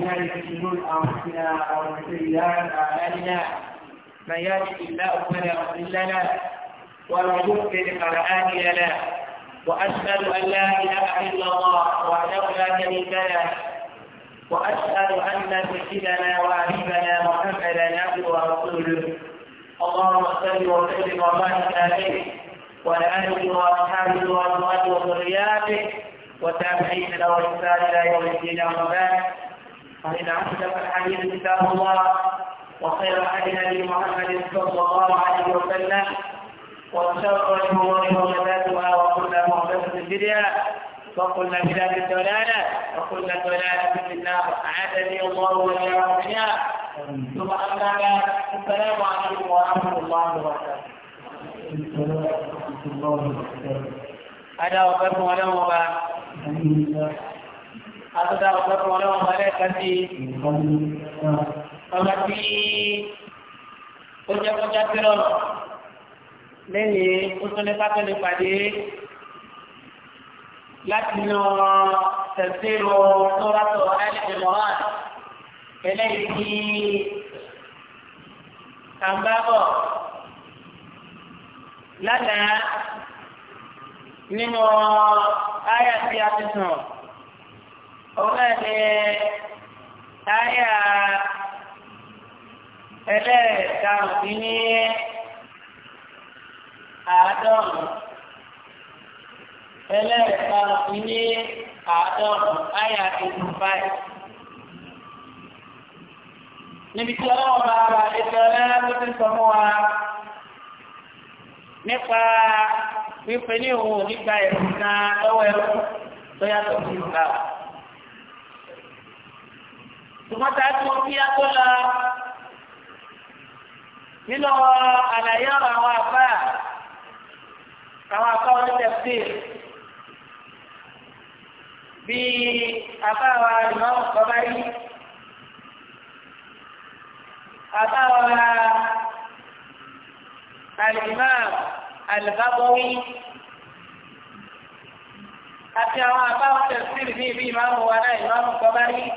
بها الشرور أنفسنا أو سيئات أعمالنا من يهده الله فلا مضل له ومن يضلل فلا هادي له وأشهد أن لا إله إلا الله وحده لا شريك له وأشهد أن سيدنا وحبيبنا محمدا عبده ورسوله اللهم صل وسلم وبارك عليه وعلى آله وأصحابه وأزواجه وذرياته وتابعين له إحسان إلى يوم الدين أما بعد فإن أصدق الحديث كتاب الله وخير الحديث نبي محمد صلى الله عليه وسلم وشر الأمور محدثاتها وكل محدثة بدعة وكل بدعة ضلالة وكل ضلالة في النار أعاذني الله وإياكم بها ثم أما بعد السلام عليكم ورحمة الله وبركاته. الله وبركاته. apa ada apa-apa. àtúndà ọ̀pọ̀lọpọ̀ ọlọ́run ọba lẹ́ẹ̀kan sí ọmọ tí ó jẹ́ kọjá tẹ́lọ̀ lẹ́yìn ó tún ní pátẹ́lì pàdé láti nù tẹ̀síro tóràtọ̀ ẹlẹ́dẹ̀mọ́ràn eléyìí tí à ń bá bọ̀ lánàá nínú áyà tí a ọ̀rẹ́ ni táyà ẹlẹ́ẹ̀ka òbí ní àádọ́rùn ẹlẹ́ẹ̀ka òbí ní àádọ́rùn táyà tuntun báyìí. níbi tí ọlọ́wọ́ bá wà ètò ọlọ́lá tó ti sọ fún wa nípa wípé ní òun ò ní gba ẹ̀rù kan lọ́wọ́ ẹ̀rù tó yàtọ̀ sí ìgbà wa tòmátà tó ń bíyá tó lọ nínú àlàyé ọ̀rọ̀ àwọn àbá àwọn àbá onítẹ̀sí bí àbá wa ìmọ̀ràn kọ́bá yìí àbá wa al-Imam al-Baghawi àti àwọn àbá onítẹ̀sí bí ìmọ̀ràn wa náà ìmọ̀ràn yìí.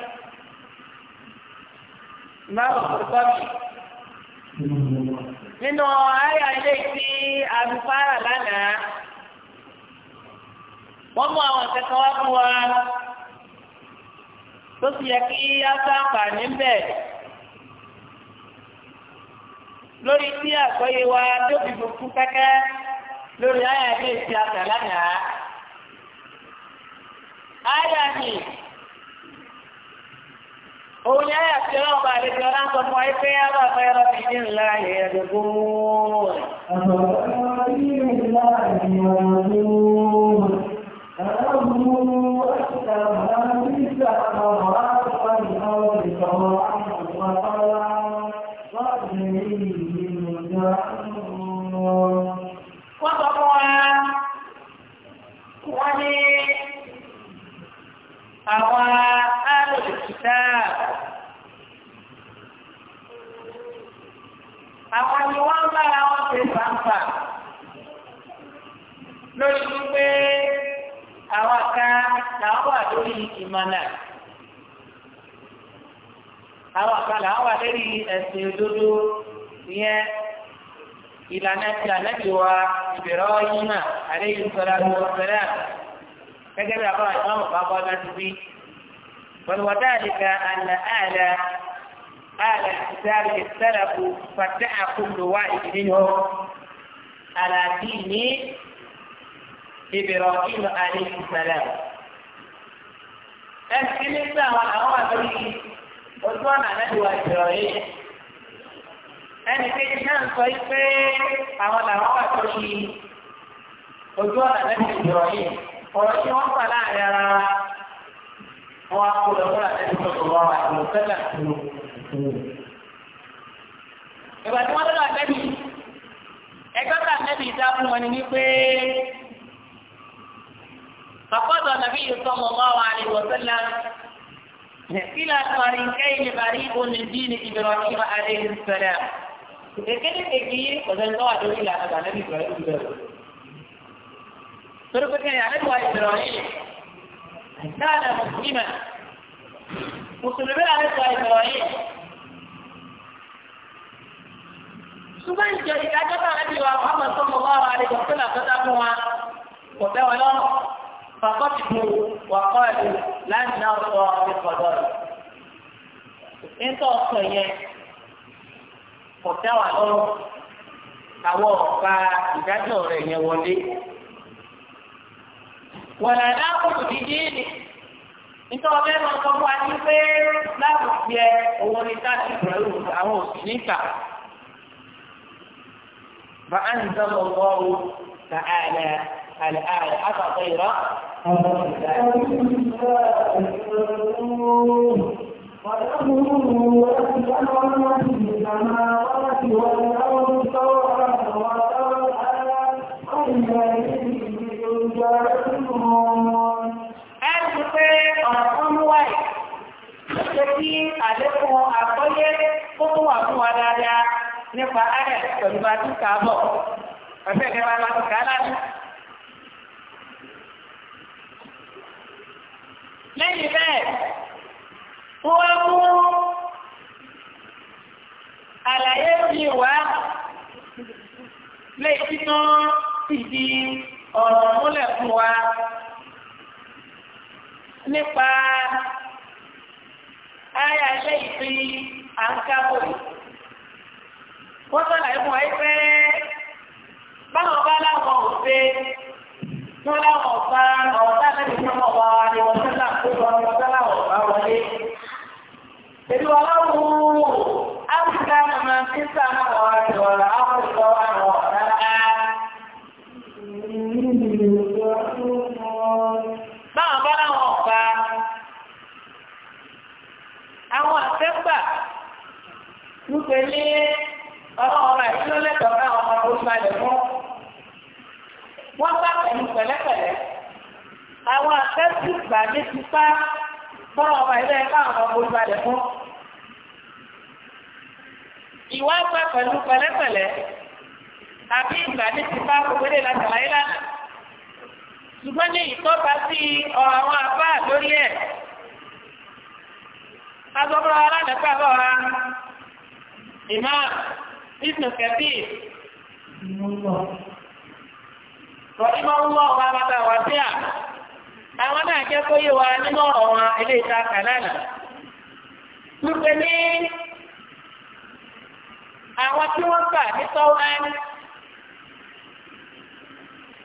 Nínú ayé ilé tí àlùfáà lánàá, wọ́n mú àwọn kẹ́kọ̀ọ́ wá fún wa tó fi yẹ kí á sáàpà níbẹ̀ lórí tí àgbọ́yé wa tó fi gbogbo kẹ́kẹ́ lórí ayé ilé tí àtà lánàá. Ayé àmì òun yáyà tí ọlọ́run bá lè fi ọlá sọ fún ayé pé yábà fẹ́ rọ bí ní ńlá ẹ̀ẹ́dẹ̀ gbogbo Wọ́n sọ fún wa, wọ́n ní àwọn الكتاب àwọn ni wọ́n bá àwọn ṣe fàǹfà lórí wípé àwọn kan làwọn wà lórí ìmọ̀nà àwọn kan làwọn wà lórí ẹ̀sìn òdodo ìyẹn ìlànà ti ànábì wa ìbẹ̀rẹ̀ ọ̀yìn náà àlẹ́ yìí sọ̀rọ̀ àwọn ọ̀sẹ̀rẹ̀ gẹ́gẹ́ bí àbáwá ìmọ̀ àbáwá náà ti wí. وذلك أن أهل أهل الكتاب اختلفوا فتح كل واحد منهم على دين إبراهيم عليه السلام ẹsìn nígbà wọn àwọn àbẹ̀yí ojú ọ̀nà àdájúwà ìṣòro yìí ẹnì kejì náà sọ pé àwọn làwọn wà tó yí ojú ọ̀nà àdájúwà ìṣòro yìí ọ̀rọ̀ tí wọ́n fà láàrin ara wa wọ́n á kó lọ́wọ́ àti ìfọ̀tò wọn wà ní ọ̀sẹ̀lẹ̀ nínú. ìgbà tí wọ́n lọ́dọ̀ àtẹ́bí ẹgbẹ́ tá àtẹ́bí dá fún wọn ni wípé فقضى النبي صلى الله عليه وسلم إلى طريقين غريب من دين إبراهيم عليه السلام ìkéde kékeré ọ̀sán tó wà lórí ìlànà ànábì Ibrahim bẹ̀rẹ̀. torí pé kí ni ànábì wa Ibrahim كان مسلما مسلمين عليه الصلاة إبراهيم ṣùgbọ́n ìjọ ìdájọ́ta ẹbí wa Muhammad sallallahu alaihi wa sallam wà kọ́ ẹ̀dù láti náà sọ ọdún wọ̀nà láàbùkù dídí ni nítorí ọbẹ̀ máa sọ fún wa ní pé láàbùkù yẹ òun ni táàtì ìbúrẹ́lù àwọn òsì níta. فأنزل الله تعالى الآية أفغير أمر الله sí àlékún àkọ́yé tó tó wà fún wa dáadáa nípa ayẹ̀ pẹ̀lú bá tún kà á bọ̀. Ọ̀sẹ̀ ìjọba máa tún kà á láti. Lẹ́yìn bẹ́ẹ̀, wọ́n mú àlàyé mi wá lè tínú ìdí ọ̀rọ̀ múlẹ̀ fún wa nípa ayé alẹ́ ìpín à wọ́n sọ̀rọ̀ ẹ̀mú ẹ báwọn bá láwọn òfé tó láwọn ọ̀fà ọ̀tá lẹ́nu tó wọ́n wá ni wọ́n sọ́lá tó wọ́n wọ́n sọ́lá ọ̀fà wọlé. lúpẹ̀ ní ọlọ́ọ̀rọ̀ ìlú lẹ́tọ̀ọ́ náà ọmọ tó sálẹ̀ fún. Wọ́n bá pẹ̀lú pẹ̀lẹ́pẹ̀lẹ́. Àwọn akẹ́kọ̀ọ́ ìgbà ní ti pa bọ́ọ̀ ọmọ ilé ẹ̀ka ọmọ tó sálẹ̀ fún. Ìwà bá pẹ̀lú pẹ̀lẹ́pẹ̀lẹ́. Àbí ìgbà ní ti pa gbogbo ilé ìlànà ìlànà. Ṣùgbọ́n ní ìtọ́ba sí ọ̀rọ̀ àbá lórí ẹ̀. Agbọ́bọ̀ aláǹdẹ́gbàbọ̀ Imam Ibn Kathir rọ̀dímọ̀ wọ́ ọba bàbá wà sí à àwọn náà jẹ́ kó yé wa nínú ọ̀rọ̀ wọn ilé ìta kàlánà wípé ní àwọn tí wọ́n gbà ní tọ́wọ́n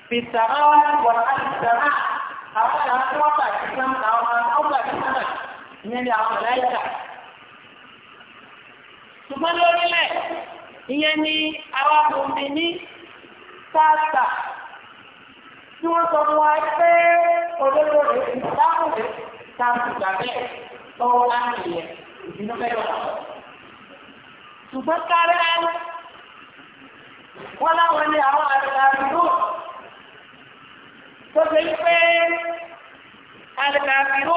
bìtàmọ́ wọ́n àtìsàmá àwọn àwọn tí wọ́n gbà ní sọ́mà àwọn ọgbà ní ìyẹn ni àwọn ọ̀láìkà ṣùgbọ́n lórílẹ̀ ìyẹn ni àwọn ọmọdé ní sáàtà tí wọ́n sọ fún wa pé olóró rẹ̀ ti dáhùn rẹ̀ sáàtù gbàgbẹ́ lọ́wọ́ láti yẹ ìbínú bẹ́ẹ̀ wà. ṣùgbọ́n kárí ẹnu wọ́n láwọn ní àwọn àdàlù tó ṣe ń pé àdàlù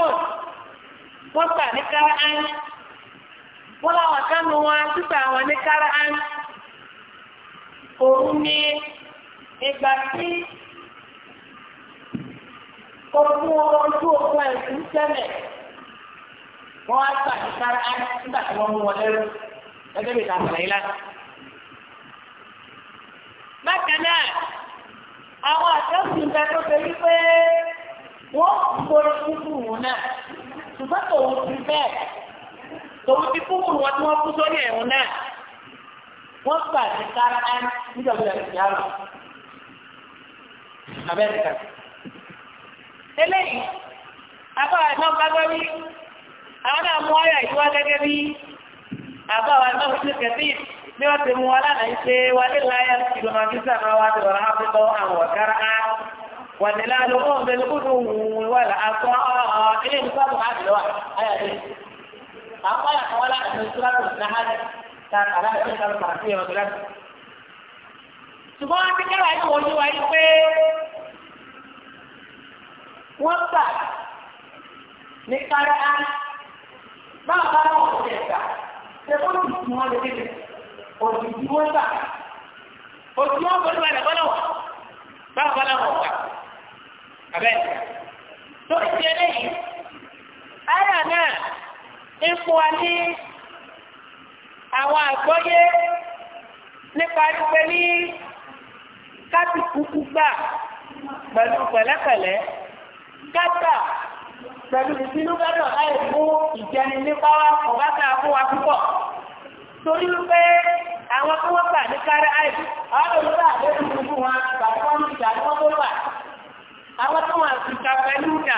wọ́n tà ní kárí ẹnu wọ́n láwọn kánú wọn títà àwọn ní kára án òun ni ìgbà tí ogun ojú ogun ẹ̀sìn sẹ́lẹ̀ wọ́n á gbà ní kára án nígbà tí wọ́n mú wọn lẹ́rú ẹgbẹ́ mi ta àtàlàyé láti. bákan náà àwọn àtẹ́sùn ìgbà tó ṣe wípé wọ́n gbórí kúkú wọn náà ṣùgbọ́n tòun ti bẹ́ẹ̀ tòun ti fún kùn wọn tí wọ́n kú sórí ẹ̀hún náà wọ́n gbà sí kára án nígbà tó yàtọ̀ sí àrùn abẹ́rẹ́kà. eléyìí abáwa náà gbàgbọ́ rí àwọn náà mú ọyà ìwá gẹ́gẹ́ bí abáwa náà fi kẹ̀sí bí wọ́n ti mú wa lánàá ṣe wà nílá yà ìlú máa fi sáà wá ti wọ̀rọ̀ ápẹ́ tó àwọn ọ̀kára á wà nílá ló ń bẹ̀rẹ̀ kúrò wù wà láàkọ́ ilé ìfọ̀mù àbẹ̀wà ayàdé apa yang awal ada surat nahan dan ada surat pasti yang surat. Cuma kita lagi mau jual pe, wabah, negaraan, bapa mau kerja, sebelum semua itu, orang jual Ojú ọ̀gbọ́n ló wà lọ́wọ́ lọ́wọ́. Báwo bá láwọn ọ̀gá? Abẹ́ ẹ̀ka. Tó ti ẹlẹ́yìn. Ayà náà ń fún wa ní àwọn àgbọ́yé nípa wípé ní káàtì kúkú gbà pẹ̀lú pẹ̀lẹ́pẹ̀lẹ́ káàtà pẹ̀lú ìsinúgbẹ́dọ̀ láì mú ìjẹni nípa wa púpọ̀ torí wípé àwọn tí wọ́n gbà ní kárí àìsí àwọn olùgbà gbogbo wọn ní tó àwọn àti pẹ̀lú ìjà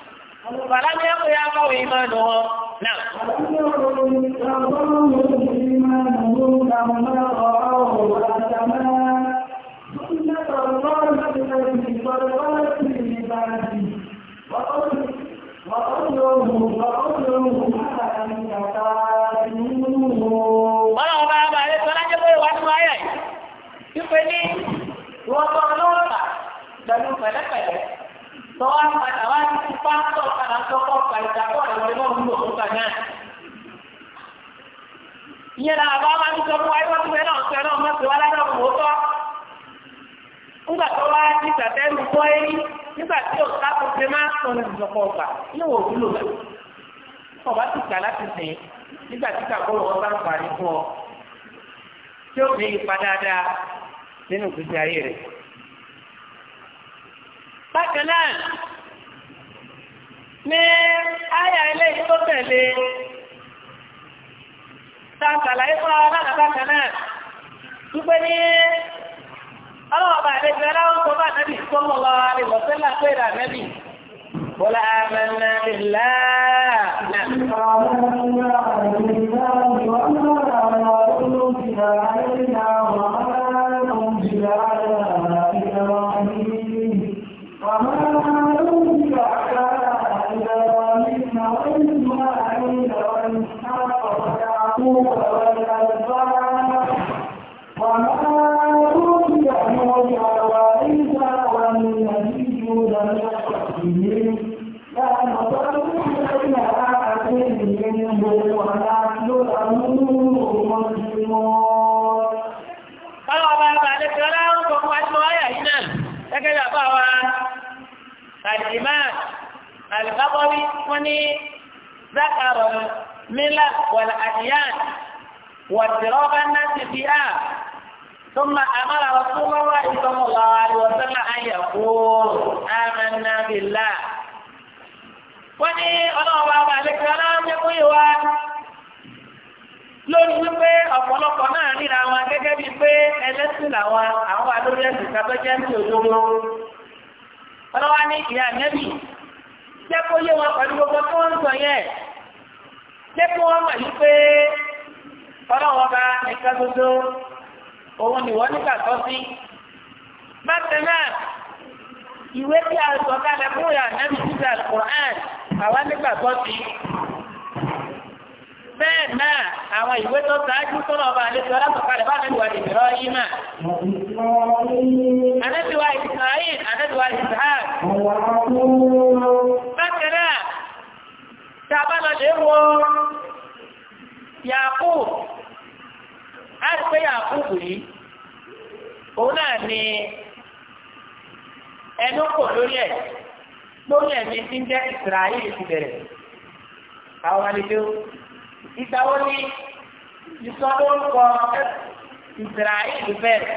فلم Wọ́n ọba ọba rẹ̀ pẹ̀lú pẹ̀lẹ́pẹ̀lẹ́ tọ́wọ́ padà wá sí ti pásítọ̀ padà sọ́kọ́ pa ìdàpọ̀ ìwọ̀n náà wúlò fún kàná. ìyẹn náà bá wá ní sọ́kọ́ wáyé wọ́n tún bẹ́ẹ̀ náà sọ náà mọ̀ sí wá ládàá òkú tọ́. nígbà tó wá ní ìtàtẹ́nu bọ́ eyín nígbà tí ò sáfù ṣe máa ń sọnù ìjọpọ̀ ọ̀gbà yóò wò wúlò rẹ̀. ọba ti gbà láti sìn nígbà tí kàkó wọn bá ń parí fún ọ tí ó fi ipa dáadáa nínú ìgbésí ayé rẹ̀ bákan náà ní àyà ilé tó tẹ̀lé tàbàlàyé fún ara náà bákan náà wípé ní ọlọ́ọ̀bà àdéjọ aláwọ̀ tó bá nẹ́bì tó mọ̀ lọ àríwọ̀sẹ́lá pé rà nẹ́bì wọ́n la àmàlà ìlà náà. Bọ́lí wọ́n ní zákàrọ̀ mílà wàlà àdìyàn wàtìrọ́bà náà ti fi hà. ثم أمر رسول الله صلى الله عليه وسلم أن يقول آمنا بالله wọ́n ní ọlọ́ọ̀bá ọba àlejò aláwọ̀ fún ìwà lórí wípé ọ̀pọ̀lọpọ̀ náà ríra wọn gẹ́gẹ́ bíi pé ẹlẹ́sìn làwọn àwọn wà ẹ̀sìn kábẹ́jẹ́ ní òdodo ọlọ́wà ní ìyá nẹ́bì jẹ́ kó yé wọn pẹ̀lú gbogbo tí wọ́n ń sọ yẹn jẹ́ kó wọ́n mọ̀ yìí pé ọlọ́wọ́n bá nìkan gbogbo òun nìwọ́n nígbà tó sí. bákan náà ìwé tí a sọ kalẹ̀ fún ìyá nẹ́bí sísè àwa nígbà tó sí bẹ́ẹ̀ náà àwọn ìwé tó ṣáájú tó lọ bá àlejò alákọ̀ọ́kàlẹ̀ bá àlejò àdìgbèrọ yìí mà. Àdẹ́bíwá Ìsìláyìn, àdẹ́bíwá Ìsìláyìn. Bákan náà, tí a bá lọ lè wo Yàkú, a rí pé Yàkú bù yìí, òun náà ni ẹnu kò lórí ẹ̀ lórí ẹ̀mí tí ń jẹ́ Ìsìláyìn ti Àwọn àlejò ìgbà wo ni ìsọdọ́nkọ ìsirahìlì bẹ́ẹ̀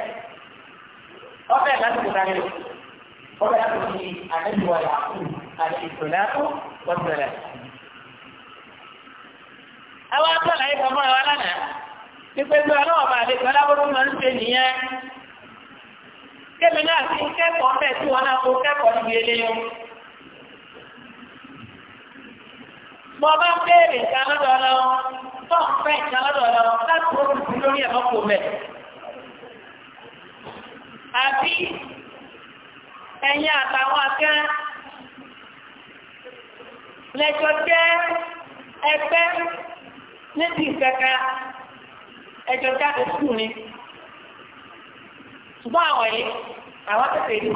ọbẹ̀ láti kò dáre ọbẹ̀ láti kò ní àdéhùwà yàkú àti ìsọdọ́nkọ wọ́sẹ̀rẹ̀. àwọn akọ́là yìí fọmọ́ ẹ̀wọ́ lánàá pípẹ́ gbé ọlọ́wọ́ bá àdéhùwà lábọ́dún máa ń ṣe nìyẹn. kébì náà ti kẹ́kọ̀ọ́ bẹ́ẹ̀ tí wọ́n náà kó kẹ́kọ̀ọ́ níbi eléyìí mo bá béèrè nǹkan lọ́dọ̀ lọ tó ń fẹ́ nǹkan lọ́dọ̀ lọ láti orí ìlú lórí ẹ̀mọ́ kò mẹ́. àbí ẹ̀yin àtàwọn akẹ́ lẹ́jọ́ jẹ́ ẹgbẹ́ níbi ìkẹkẹ ẹjọ́ jáde sùn ni ṣùgbọ́n àwọn yìí àwọn tètè rí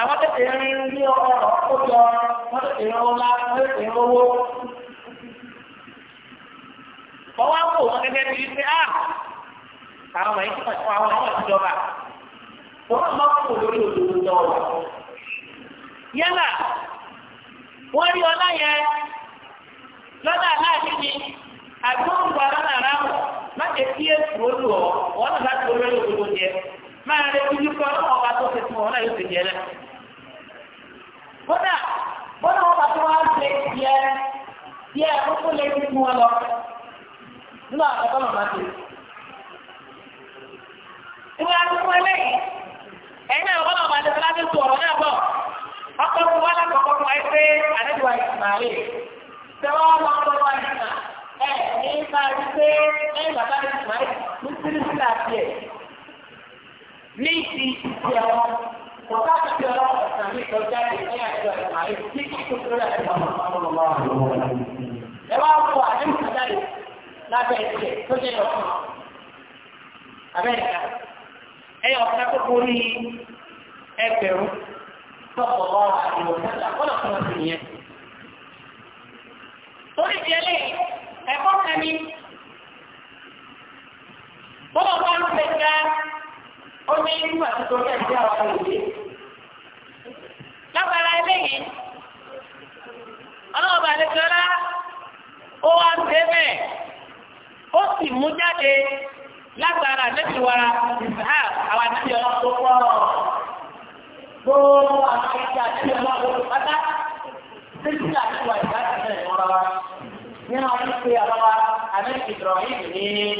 àwọn tètè rí ní ọ̀rọ̀ kó jọ. wọ́n lè ìrànwọ́ wọ́n gẹ́gẹ́ bíi pé ah àwọn ọmọ yìí pàṣẹ ọmọ ìjọba wọ́n kó lórí òdòdó bọ́lá wọn bá tó wá ń ṣe tiẹ̀ tiẹ̀ kókó lé ní fún wọn lọ nínú àwọn ẹ̀kọ́ lọ́mọ àti ìwé àtúntò ẹlẹ́yìn ẹ̀yin náà bọ́lá wọn bá tẹ̀sán láti tó ọ̀rọ̀ náà bọ̀ ọkọ̀ fún wa lákọ̀ọ́kọ́ fún wa ẹ pé àdéhùwà ìsìnàlè tẹ̀wọ́ ọmọ ọkọ̀ wa ìsìnà ẹ̀ ní ká rí pé ẹ̀yin bàbá ìsìnàlè ní sírísì àti ẹ̀ ní ti وقال في الله الإسلامي زوجات الحياة والجماعية في كل لها صلى الله عليه وسلم لما هو أهم كذلك لا تعيش كل شيء أمريكا أي أصدقاء قولي أبرو صلى الله عليه وسلم ولا خمسينية قولي بيالي أقول أمين Bọ́lá bá ń pẹ̀lú ó ní nígbà tó tó bẹ́ẹ̀ sí àwọn olùgbé. lábala eléyìí ọlọ́wọ́ bá nìkanlá ó wá ń dé bẹ́ẹ̀ ó sì mú jáde lágbára nẹ́tìwá ìsáà àwọn àti ọlọ́wọ́ tó pọ̀ gbogbo àwọn ìjà àti ọlọ́wọ́ tó pátá títí àti wà ìjà àti ẹ̀ mọ́ra wa nínú ọdún pé àwọn àmì ìdọ̀rọ̀ yìí ní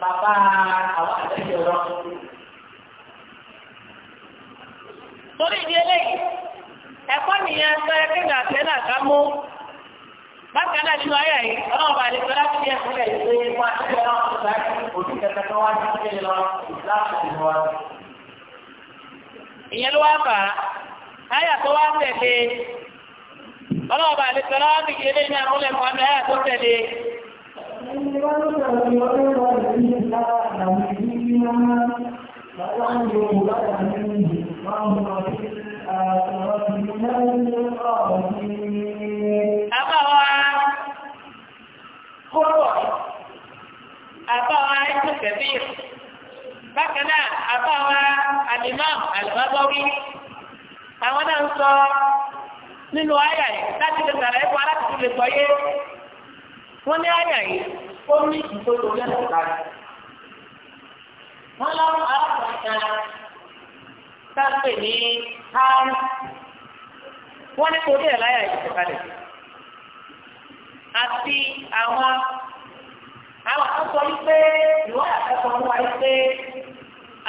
bàbá àwọn àti ọlọ́wọ́ torí ìdí eléyìí ẹ̀kọ́ nìyẹn sọ́yẹ́ kí nà tẹ́ nà ká nínú ayé yìí ọlọ́run bá lè láti yẹ fún ẹ̀ pé wọ́n á ti lọ́wọ́ tó òtún kẹta tó wá ní kíkẹ́ lọ láti ìlú ìyẹn ló wá fà á ayà tó wá tẹ̀lé láwọn ní amúlẹ̀ fún ọmọ ayà tó tẹ̀lé. Àbáwá kúrò, àbáwá ìtùkẹ̀bí, bákan náà àbáwá àlìmọ́ àlùbábọ́wí. Àwọn náà ń sọ nínú àyà yìí láti lè sàrà ẹ̀kọ́ aláàtúntò lè sọ yé. Wọ́n ní àyà yìí ó ní ìgbòdò lẹ́nu lára. Wọ́n lọ́wọ́ arákùnrin kan tá a pè ní Hárùn wọ́n ní kò dé láyà ìṣèkalẹ̀ àti àwọn àwọn akẹ́kọ̀ọ́ yìí pé ìwọ́n àkẹ́kọ̀ọ́ fún wa yìí pé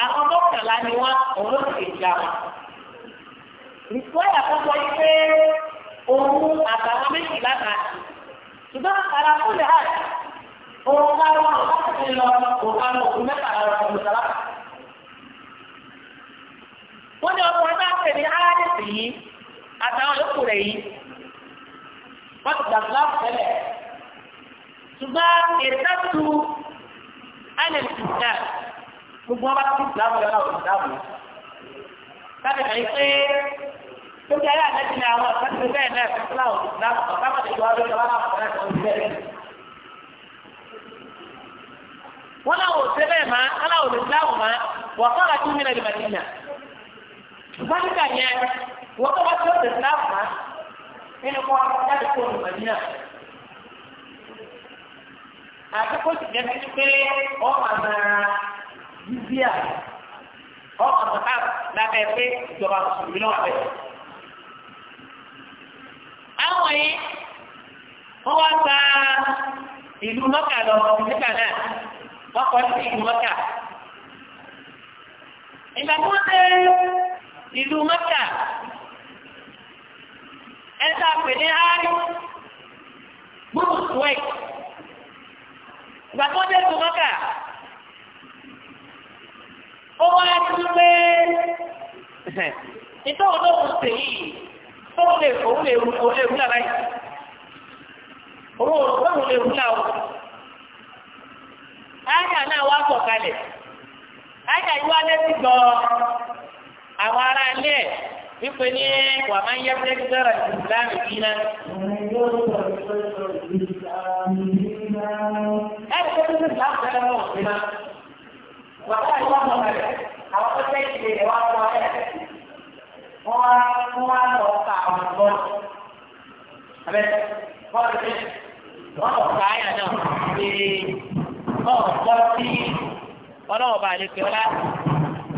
àwọn mọ́kànlá ni wọ́n òun ló ti gbà wọ́n. ìwọ́n àkẹ́kọ̀ọ́ yìí pé òun àtàwọn méjì lánàá ṣùgbọ́n ara fún mi hà òun bá wà láti fi lọ òun bá lọ òun mẹ́ta lọ òun sàlá. wọ́n ní ọkùnrin náà pè ní aráàlú yìí àtàwọn yòókù rẹ̀ yìí wọ́n ti gbà Islam tẹ́lẹ̀ ṣùgbọ́n ìrìnàtú ẹnìyàn Islam gbogbo wọn bá ti Islam lọ náà òsì dáàbò sábẹ̀ náà yìí pé lókè ayé àlẹ́jì ni àwọn akẹ́kọ̀ọ́ bẹ́ẹ̀ náà fi Islam òsì dáàbò ọ̀gá wọn ti yọ ọdún ìjọba náà fọ̀rọ̀ ẹ̀sán òsì bẹ́ẹ̀ wọn náà ò sẹ́lẹ̀ máa aláwọ̀ lè dáàbò máa wọ́n kọ́ wọ́n tó bá tó ṣe sáàmà nínú kọ́ jáde kó lùmọ̀ ní náà. àkókò sì jẹ́ sí pé ọmọ àmà yíyá ọmọ àmà ká lábẹ́ pé ìjọba mùsùlùmí náà bẹ̀. àwọn yìí wọ́n wá gba ìlú mọ́kà lọ nígbà náà wọ́n kọ́ sí ìlú mọ́kà. ìgbà tí wọ́n dé ìlú mọ́kà. ẹ̀ta pè ní áárí group work ìgbà tó dé tó mọ́kà ó wá sí pé ìtọ́wọ́ tó kù yìí tó lè òun lè òun lè òun lè o áyà náà wá sọ̀kalẹ̀ áyà yìí wá lẹ́sìn gbọ́ àwọn ará ilé wípé ní wà máa ń yá sẹ́kítẹ́rà ìsìláàmù dínà. ẹ̀rù tó tún ìsìláàmù tẹ́lẹ̀ mọ́ òfin máa. bàbá àti wọn mọ̀ rẹ̀ àwọn tó tẹ́ ìṣe rẹ̀ wá wọ ẹ̀. wọ́n wá wọ́n wá lọ ka àwọn ọ̀gbọ́n. abẹ́ bọ́ọ̀lù ní wọ́n lọ ka àyà náà ṣe ọ̀gbọ́n sí ọlọ́wọ́ bàálẹ̀ kẹ́lá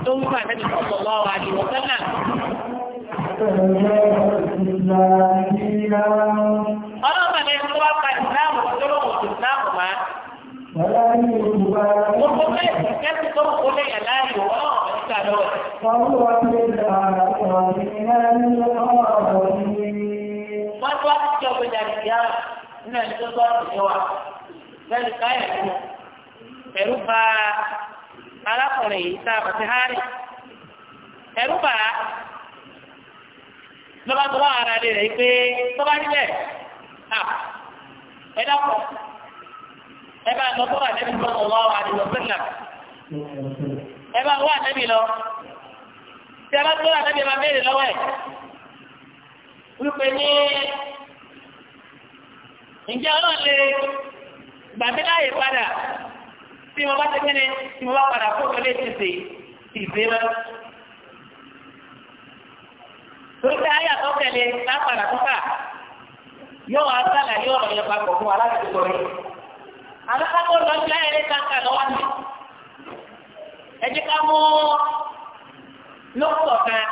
tó ń fà nẹ́bí sọ̀tọ̀ lọ́wọ́ àdìwọ̀ sẹ́nà. Ọlọ́pàá ni tó bá pa ìsìláàmù tó lọ́wọ́ sí ìsìláàmù máa. Gbogbo bẹ́ẹ̀ sì kẹ́sì tó kó lè yà láàyò ọlọ́pàá ní ìgbà lọ́wọ́. Wọ́n tó wá sí ìjọ gbèdà ìyá nínú ẹni tó bá ti wà. Bẹ́ẹ̀ni káyọ̀ ẹ̀kọ́. Ẹ̀rú bà arákùnrin yìí sáà bàtí hárì. Ẹ̀rú bà á lọ́ba tó bá ara rẹ̀ yìí pé tó bá níbẹ̀ à ẹ dákọ̀ ẹ bá lọ tó bá nẹ́bí tó ń wá wà nínú sílẹ̀ ẹ bá wà nẹ́bí lọ tí a bá tó bá nẹ́bí máa béèrè lọ́wọ́ ẹ̀ wípé ní ǹjẹ́ ọlọ́run lè gbàgbé láàyè padà tí mo bá ti kíni tí mo bá padà kó o lè tètè ìgbéra lórí ayé àtọ́tẹ̀lé lápàdà kúkà yóò wá sálà yóò rọ̀ yẹn papọ̀ fún aláàbò sọ̀rọ̀. alákàtọ́ lọ sí ayé ní kankan lọ́wọ́ mi. ẹ jẹ́ ká mú lókùtọ̀ kan.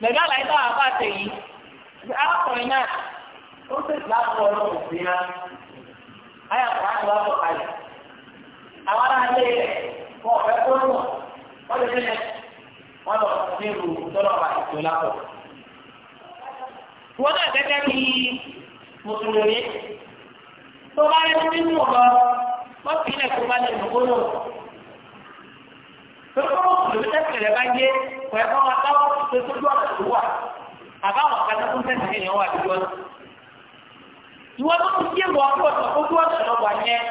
pẹ̀lú àlàyé táwọn àbá àtẹ yìí arákùnrin náà ó sì láàbù ọ̀rọ̀ òfin náà ayé àpò àti wàá bọ̀ kalẹ̀. àwọn aráàlú rẹ̀ wọ́n fẹ́ kó lù wọ́n lè fi wọ́n lọ fún mi rú tọ́lọ̀ bá ètò lápò. wọ́n náà gẹ́gẹ́ bí mùsùlùmí tó bá rí nínú ọ̀rọ̀ wọ́n fi ilẹ̀ tó bá lè lò gbóló. tó kọ́ mùsùlùmí tẹ̀sí rẹ̀ bá yé kò ẹ̀kọ́ wọn táwọn tó tójú ọ̀nà tó wà àbáwọn kanáfún tẹ̀sí rẹ̀ wà lójú ọ̀nà. ìwọ́n tó ti yé wọ́n tó ọ̀sán ojú ọ̀sán lọ́wọ́ yẹn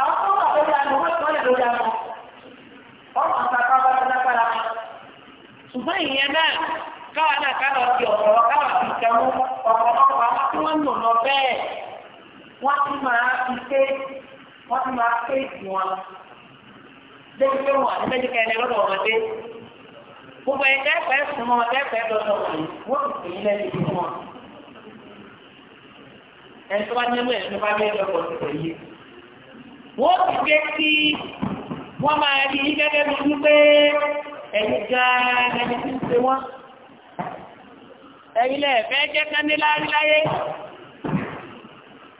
àwọn tó wà lórí àná wọ́n tó lè lórí àná. ọ̀rọ̀ ṣùgbọ́n ìyẹn náà káwa náà ká lọ sí ọ̀rọ̀ káwa fi kẹmú ọ̀pọ̀lọpọ̀ àwọn tí wọ́n ń lọ bẹ́ẹ̀ wọ́n ti máa fi pé wọ́n ti máa pé ìsìn wọn. débi pé wọn àti méjì kẹrin lọ́dọ̀ ọmọdé gbogbo ẹ̀ka ẹ̀fẹ́ sùn wọn ẹ̀fẹ́ lọ́dọ̀ wọn wọ́n ti pè é lẹ́yìn wọn. ẹni tó bá ní ẹgbẹ́ ẹ̀sìn bá ní ẹgbẹ́ wọ́n ti gbé kí gẹ́gẹ́ bí wípé ẹ̀yin gan-an ẹni tí ń ṣe wọ́n ẹ̀yin lẹ́ẹ̀fẹ́ jẹ́ kánilárí láyé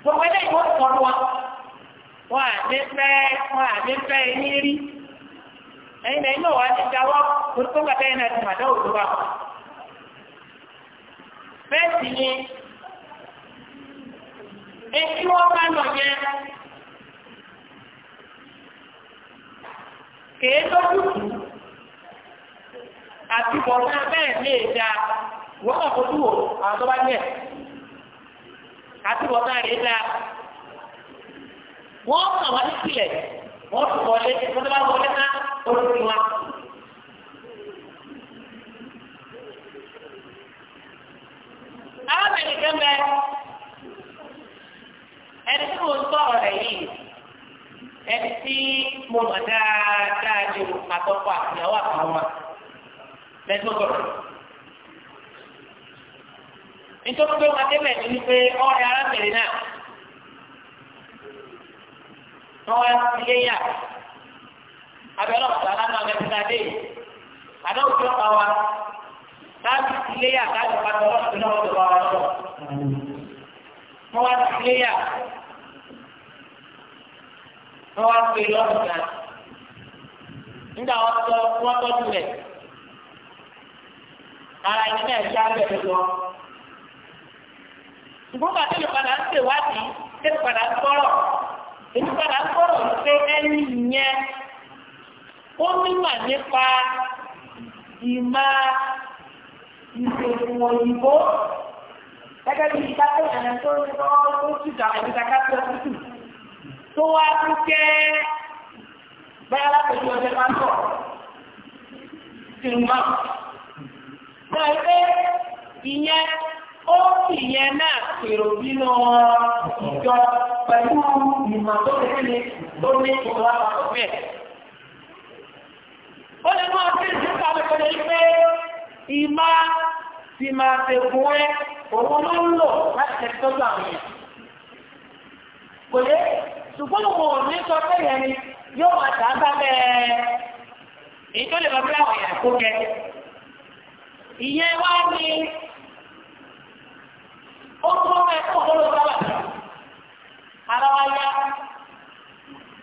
gbogbo eléyìí wọ́n kọ́ wa wọ́n àti fẹ́ wọ́n àti fẹ́ ẹ̀yin rí ẹ̀yin lẹ́yìn náà wọ́n ti dáwọ́ kótó gbàtẹ́ yẹn náà ti màdá òdo wa bẹ́ẹ̀ sì ni èyí wọ́n bá lọ yẹ kèé lójú tù àti bọ̀dá bẹ́ẹ̀ lè da wọ́n kàn fojú wò àwọn tó bá yẹ àti bọ̀dá rẹ̀ da wọ́n kàn wá ní tilẹ̀ wọ́n ti wọlé wọ́n tó bá wọlé ná olùkí wa. arábìnrin kan bẹ ẹni tí mo ń tọ́ ọ̀rẹ́ yìí ẹni tí mo mọ̀ dáadáa ju àtọ́kọ̀ àtìyàwó àtàwọn. lẹ́gbẹ́ gbọ́dọ̀. nítorí pé wọn débẹ̀ ní pé ọ̀rẹ́ arábìnrin náà wọ́n wá ilé yà abẹ́rẹ́ ọ̀sán aláǹdà mẹ́tẹ́ta dé àdáwò tó pa wa láti ilé yà láti pàtó ọlọ́sìn náà wọ́n tó wá wa lọ. wọ́n wá ilé yà ndị wá pè lọ́sìn ara ẹni náà ṣe abẹ́rẹ́ lọ. ṣùgbọ́n bàtí mi padà ń ṣèwádìí ṣé mi padà ń gbọ́rọ̀ èmi padà ń gbọ́rọ̀ pé ẹni yẹn ó nímọ̀ nípa ìmọ̀ ìṣègùn òyìnbó gẹ́gẹ́ bí ìdájọ́ ìrìnà tó ń lọ tó ti dà ẹ̀mí kàkà tó ń tó wá tó jẹ́ bẹ́ẹ̀ lápẹ̀jù ọjọ́ máa ń bọ̀ Bẹ́ẹ̀ pé ìyẹn ó sì yẹn náà èrò nínú ìjọ pẹ̀lú ìmọ̀ tó lè ní tó ní ìwà àkọ́bẹ̀. Ó lè máa fi ìdíkà lọ́pọ̀lọ́ pé ìmá ti máa fi gún ẹ́ òun ló ń lò láti tẹ̀sí tọ́jú àwọn èèyàn. Kò yẹ ṣùgbọ́n mo ò ní sọ pé yẹn ni yóò máa tà á sábẹ́ èyí tó lè lọ bí àwọn èèyàn kó jẹ ìyẹn wá ní ó tó mẹ́ kó gbọ́dọ̀ bá wà ara wa yá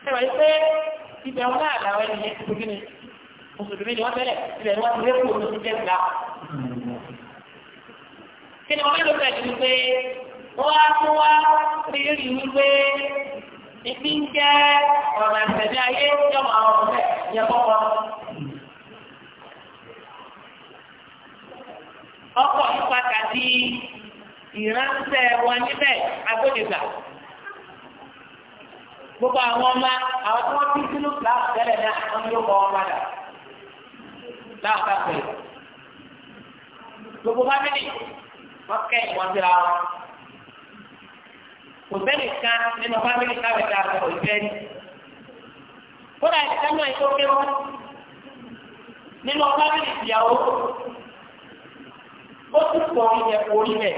ṣe wáyé pé ibẹ̀ wọn náà làwọn ẹni yẹn tó gíní mùsùlùmí ni wọ́n tẹ́lẹ̀ ibẹ̀ ni wọ́n ti rẹ́pù omi jẹ́ ìlà. kí ni wọ́n mẹ́lò bẹ̀rẹ̀ ni pé wọ́n á tún wá rí rí wípé ìpín jẹ́ ọ̀nà ìtẹ̀lé ayé yọ̀mọ̀ àwọn ọ̀rẹ́ yẹ kọ́kọ́. ọkọ̀ nípa kàdí ìránṣẹ́ wọn níbẹ̀ agbódegbà. Gbogbo àwọn ọmọ àwọn tí wọ́n ti sínú láàbù tẹ́lẹ̀ náà wọ́n yóò kọ́ wọn padà láàbù àpẹẹrẹ. Gbogbo fámìlì wọ́n kẹ́yìn wọn síra wọn. Kò sẹ́ni kan nínú fámìlì káwé ta àgbẹ̀ òjẹ́ ni. Kódà ìdíkánná ìtókè wọn nínú fámìlì ìyàwó ó ti pọ̀ ilẹ̀ orí rẹ̀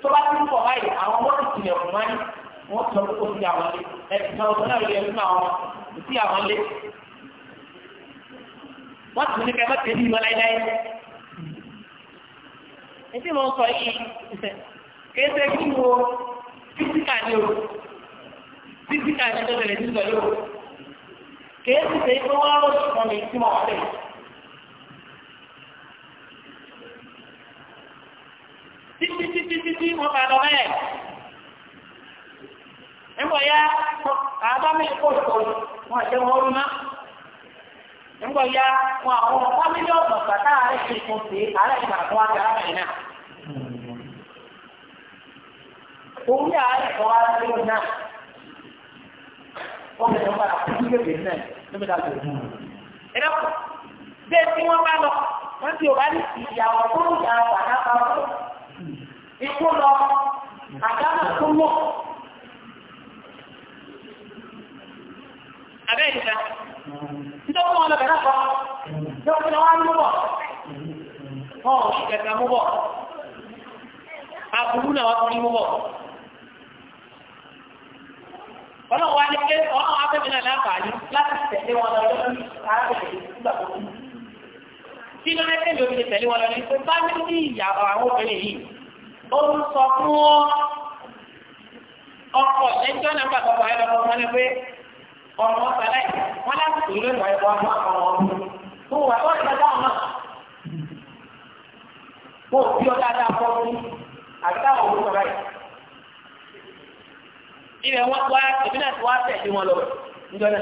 tó bá ti pọ̀ báyìí àwọn wọ́n ti tilẹ̀ fún wáyé wọ́n sọ pé kò sí àwọn ilé ẹ̀sìn ọ̀sán náà yẹ fún àwọn sí àwọn ilé. wọ́n ti ní kẹ́kẹ́ tẹ̀lé ìmọ̀ láíláí. etí mo ń sọ yìí kìí ṣe kí wo físíkà ni o físíkà ni tó tẹ̀lé sí yìí o kìí ṣe pé wọ́n rọ̀ ṣùgbọ́n mi tí mo wà lẹ́yìn. títí títí títí wọ́n máa lọ bẹ́ẹ̀. nígbà ya àbá mi wọn ṣe wọn rú ná. nígbà ya wọn àwọn fámílì ọ̀gbọ̀n bàtà àárẹ̀ ṣe kò sí àárẹ̀ ìgbà kan wá gbàrà rẹ̀ náà. orí àárẹ̀ kan wá lé náà. wọ́n mú padà kú sílé ìgbè náà níbi tá a ẹ dẹ́kun bẹ́ẹ̀ tí wọ́n bá lọ wọ́n ti ò bá ní ìyàwó tó ń yà fún ikú lọ àdámà tó mọ̀. Abẹ́ ìjà, títọ́ fún ọlọ́bẹ̀ náà kọ́, yóò fi wá mú bọ̀. Wọ́n ò sì kẹta mú bọ̀. Àbúrú náà wá fún ní mú bọ̀. Ọlọ́run wá ní pé ọlọ́run afẹ́fẹ́ náà láǹfààní láti tẹ̀lé wọn lọ lórí arábìnrin nígbà tó kú. Kí ló dé tẹ̀lé obìnrin tẹ̀lé wọn lọ ní pé bá ní ìyàwó àwọn obìnrin yìí ó ń sọ fún ọ ọkọ ẹjọ́ náà gbàgbọ́ wà lọ́wọ́ wọn ni pé ọmọ sálẹ̀ wọn láti tù lórí ìwà ìwà ọmọ ọmọ tó wà ó ìgbà dáhùn náà kó o fún wá náà ti wá wọn lọ níjọ́ náà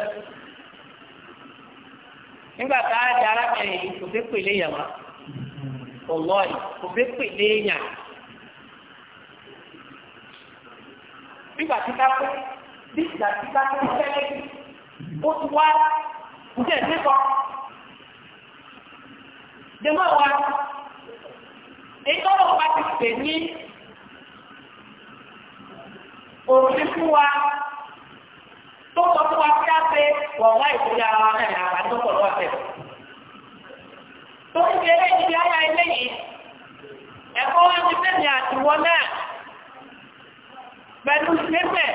nígbà tá a di arákùnrin kò fẹ́ wá kò fẹ́ nígbà tí ká pé nígbà tí ká pé fẹ́lẹ́ ó ti wá ìjẹ́ ìdíkọ. Jẹ́mọ́ wa, èyí tọ́lọ̀ wa ti pè ní òrùlé fún wa tó sọ fún wa kí á pé wọ̀n wá ìpínlẹ̀ ara náà àrà tó pọ̀ lọ́wọ́ tẹ̀. Tó ń ṣe eré ìdílé ayá ilé yìí, ẹ̀kọ́ wa ti fẹ́ mi àtiwọ́ náà pẹ̀lú ṣẹ́fẹ̀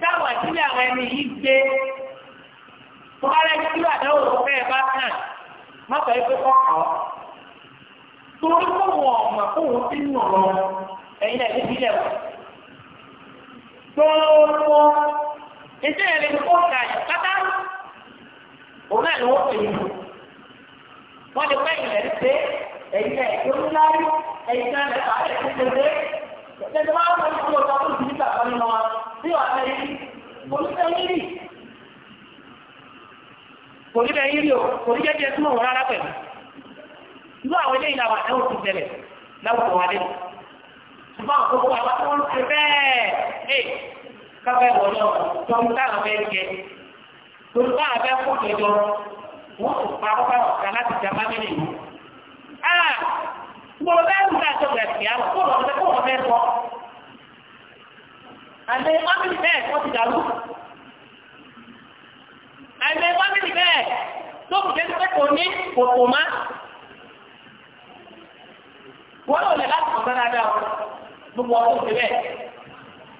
dáwà sílẹ̀ àwọn ẹni yìí gbé tọ́lá tí àdáwò fẹ́ bá kàn má sọ pé kọ́kọ́ torí kó wọ̀ ọ̀mà kó wọ́n ti nù lọ ẹ̀yin ẹ̀dí sílẹ̀ wọ̀ tọ́lọ́wọ́ iṣẹ́ yẹn lè kó ta yẹn pátá òun náà ni wọ́n pè é wọ́n lè pẹ́ ìrẹ̀lẹ́ pé ẹ̀yin ẹ̀dí Jẹ́jẹ́ máa ń pẹ̀lú ọjọ́ tó ti níta kan nínú wa tí wà á yìí. Kò ní bẹ́ẹ̀ yìí. Kò ní bẹ́ẹ̀ yìí o, kò ní jẹ́jẹ́ súnmọ̀ wọn rárá pẹ̀lú. Irú àwọn ilé ìlànà àdáwò ti tẹ̀lẹ̀ láwùjọ wa dé. Ṣùgbọ́n àkókò àwọn tó ń ṣe bẹ́ẹ̀ káfẹ́ wọ̀ lọ tó ń táwọn fẹ́ jẹ. Torí bá àbẹ́ kó jọjọ, kò pa gbogbo bẹ́ẹ̀ ń gbà jọba ẹ̀sìn àwọn kó lọ́wọ́ kó lọ́wọ́ bẹ́ẹ̀ bọ́. àmì fámìlì bẹ́ẹ̀ wọ́n ti dàrú. àmì fámìlì bẹ́ẹ̀ tó kù jẹ́sí pé kò ní kòkò má. wọ́n lò lè láti kọ̀ sára o gbogbo ọdún ti bẹ́ẹ̀.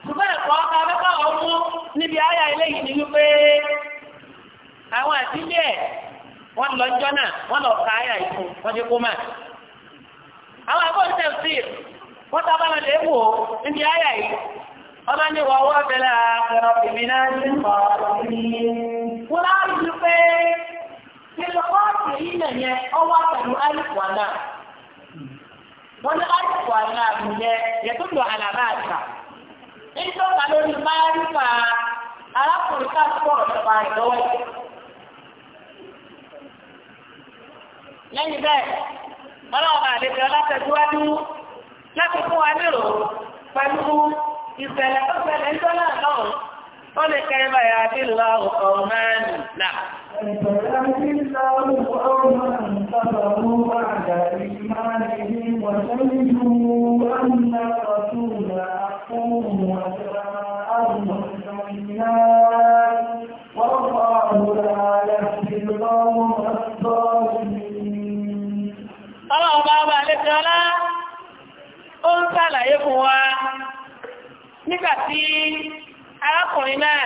ṣùgbọ́n ẹ̀kọ́ abẹ́kọ̀ ọmú níbi àyà eléyìí ni wípé àwọn àtijọ́ ẹ̀ wọ́n lọ jọ́nà wọ́n lọ ka àyà ìfún wọ́n ti kó máa àwọn àbọ̀n tẹ̀ sí wọ́n tá bára lè wò níbi ayà yìí ọmọ ní wọ́n wọ́n bẹ̀rẹ̀ àpẹẹrọ ìbí náà ní ọ̀rọ̀ yìí wọ́n á rí pé nínú ọ́ọ̀tì yìí nìyẹn ọwọ́ pẹ̀lú àìkú àná wọ́n ní àìkú àná àbúyẹ yẹtọ́ lọ àlàbà àṣà nítorí ọ̀gá lórí máa rí pa arákùnrin káàkó ọ̀dọ́gba ìdọ́wọ́ lẹ́yìn bẹ́ẹ̀ ọlọ́run àlejò alátẹ̀síwájú láti fún wa nírò pẹ̀lú ìṣẹ̀lẹ̀ tó ṣẹlẹ̀ ńjọ́ náà náà ó lè kẹ́ ẹ̀bà yà bí lọ ọ̀rọ̀ máa nì náà. وَاللَّهُ لَا يَهْدِي الْقَوْمَ fún wa nígbà arákùnrin náà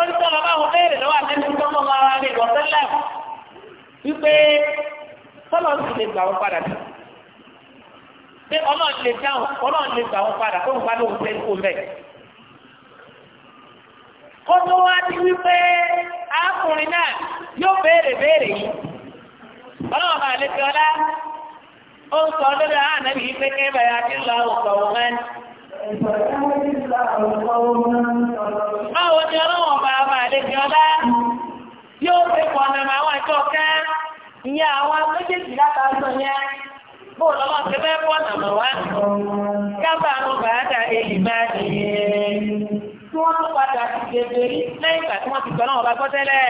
ó ti sọ̀rọ̀ báwo béèrè lọ́wọ́ àtẹ́nu tọ́kọ́ máa wá lè lọ wípé tọ́lọ̀ sì lè gbà wọ́n padà sí. pé ọlọ́run lè dáhùn ọlọ́run lè gbà wọ́n padà tó ń bá lóhùn pé kó mẹ́ẹ̀. kó tó wá ti wípé arákùnrin náà yóò béèrè béèrè yìí ọlọ́run lè fi ọlá ó ń sọ lórí ànábì pé kébà yà ti lọ òkò wọn. Báwo ni ọlọ́wọ̀n bá bá àlejò ọlá yóò fi pọ̀nà màá wà tó ká ìyá àwọn méjèèjì látàgbọ̀ yẹn. Bó lọ́wọ́ ti fẹ́ pọ̀nà màá wá? Kábàámu bàá dà èyí máa nìyẹn. tí wọ́n tó padà ti gbèbè rí lẹ́yìn ìgbà tí wọ́n ti gbọ́ náà ọba gbọ́ tẹ́lẹ̀.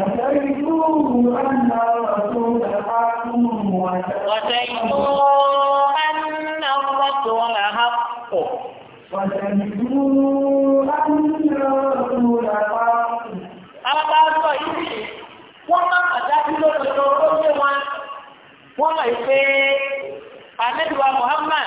Ọ̀sẹ̀ ìlú ẹ̀nà ọ̀rọ̀ tó wọn là á pọ̀. Àwọn bá sọ yìí wọ́n máa pàtàkì lóòótọ́ ó ṣe Wọ́n mọ̀ pé Ànábì wa Muhammad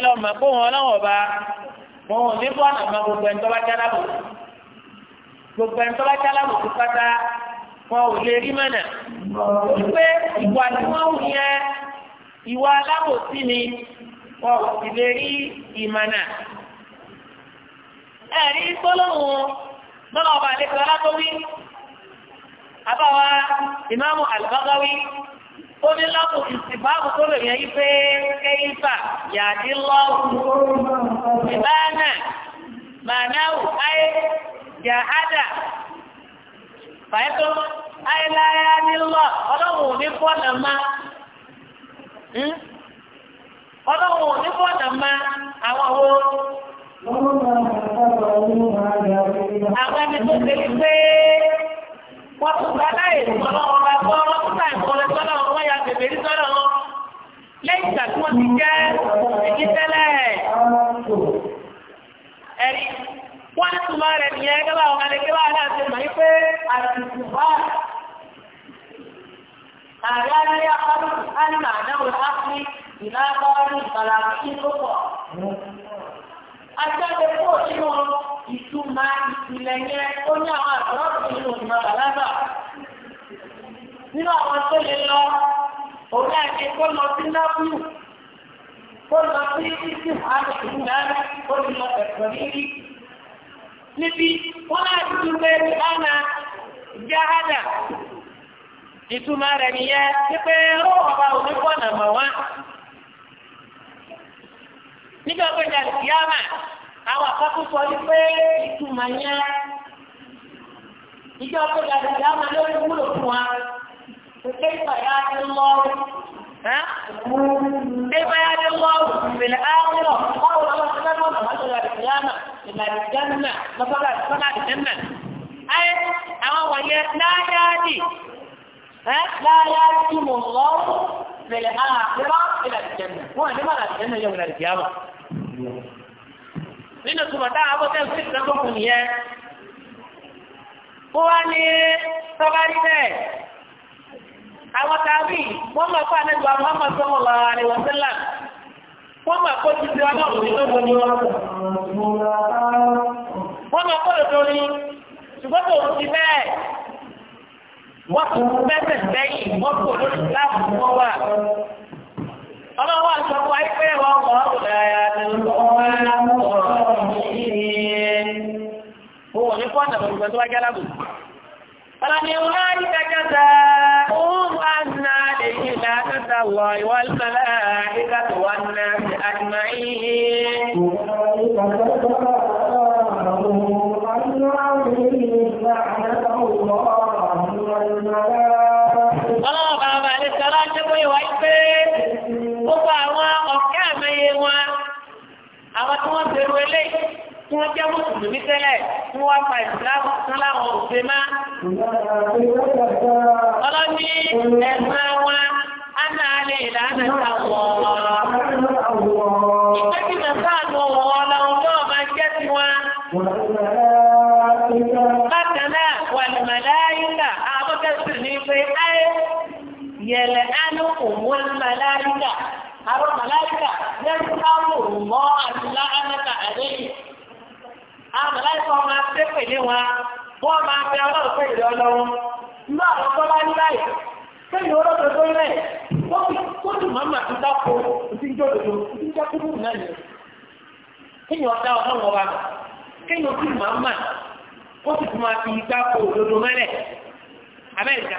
ẹ lọ mọ̀ fóun ọlọ́wọ̀n ọba òun ní bọ́ àná mọ gbogbo ẹni tó bá jálábò gbogbo ẹni tó bá jálábò tó pátá wọn ò lè rí mọ̀nà wípé ìwà tí wọ́n wù yẹn ìwà alábòsí ni wọn ò sì lè rí ìmọ̀nà. ẹ̀rí gbólóhùn lọ́nà ọba àlejò alábọ́wí àbáwá ìmáàmù àlùbáwí ó ní lápò ìsìbáàbù tó lè yẹ yí pé kẹ́yífà yàdí lọ́wọ́ ìbáná mànáwù ayé jàhádà fàyẹ́tọ́ ayéláyá nílọ ọlọ́run ò ní fọ́nà má hmm? ọlọ́run ò ní fọ́nà má àwọn owó. àwọn ẹni tó ṣe pé wọ́n tún gba láyè lọ́wọ́ ọba gbọ́ wọ́n tún gba ìkọlẹ̀ sọ́dọ̀ wọn wọ́n ya bèbè rí sọ́dọ̀ wọn lẹ́yìn ìgbà tí wọ́n ti jẹ́ èyí tẹ́lẹ̀ ẹ̀rí wọ́n tún máa rẹ̀ nìyẹn gẹ́gẹ́ bá wọn alẹ́ gẹ́gẹ́ bá wọn láti mọ̀ pé àtìkù bá ààrẹ alẹ́ akọ́dún alẹ́ màá náwó láti ìlà akọ́dún ìbàlàmù ajáde pọ̀ nínú ìtumọ̀ ìpìlẹ̀ yẹn ó ní àwọn àgbọ̀rọ̀ nínú ìmọ̀ bàlágà. nínú àwọn tó lè lọ òun àti kó lọ sí náfíù kó lọ sí títí àmì ìdáná kó lè lọ ẹ̀kọ́ níbi. níbi wọn á ti tún bẹ́ẹ̀ ní àná jáhádà ìtumọ̀ rẹ̀ nìyẹn pípé ó ọba òní pọ̀ nàmọ̀ wá nígbà pé ìdàrí kìámà àwọn àkọ́kọ́ sọ wípé ìtumọ̀ yẹn ìjọ pé ìdàrí kìámà lórí wúlò fún wa pé ìfàyà ni lọ́rù. عباد الله في الآخرة قال الله سبحانه وتعالى القيامة إلى الجنة فطلع فطلع الجنة أي أو لا يأتي لا يأتي الله في الآخرة إلى الجنة هو لماذا الجنة يوم القيامة nínú túmọ̀ táwọn abọ́tẹ́ sí ìtẹ́gbọ́n kù nìyẹn kó wá ní sọ́bárí bẹ́ẹ̀ àwọn tàbí wọ́n mọ̀ fún àdégbà Muhammad sallallahu alaihi wasallam wọ́n mọ̀ kó ti ti ọlọ́run ní lóko ní wọn. wọ́n mọ̀ kó lòdò ní ṣùgbọ́n kò ti bẹ́ẹ̀ wọ́n kò fẹ́sẹ̀ sẹ́yìn wọ́n kò lóṣù láàbù wọn wà ọlọ́wọ́ àṣọpọ̀ àìpẹ́ wọn kọ́ ọ̀dáyà ní ọ̀rọ̀ ní fọ́nà gbogbo tó wájá lábò. Ọlọ́ni wọ́n rí dájáta, òun àná lè yí látàtà wọ ìwọ́lùmọ́lá ìgbàtọ̀wọ́ náà àjùmáyé. lé tí wọ́n jẹ́ mùsùlùmí tẹ́lẹ̀ tí wọ́n fa ìsìláàmù tán láwọn òṣè má. ọlọ́ni ẹ̀sán wa á náà lè lánà sáwọ̀ ọ̀rọ̀. ìgbẹ́kìmọ̀ sáànù ọ̀wọ̀ ọlọ́run náà máa jẹ́ tiwọn. bákan náà wà ní màláyíkà àwọn akẹ́kọ̀ọ́ ní pé ayé yẹlẹ̀ Umul malaika àwọn malaika yẹ́sùkámù mọ́ àtìlá àmẹ́ta àdéhì àwọn malaika ọmọ ni pẹ̀lú wọn wọ́n máa fẹ́ ọlọ́run pé ìrẹ́ ọlọ́run ní àwọn tó bá ní láì pẹ̀lú ọlọ́run tó rẹ̀ tó dùn mọ́mọ́ àti dáko ìdíjọ́ òdòdó ìdíjọ́ kúrú náà yẹn kéèyàn ọ̀dá ọlọ́run ọba kéèyàn kúrú mọ́mọ́ ó sì tún máa fi dáko òdòdó mẹ́lẹ̀ abẹ́ẹ̀dá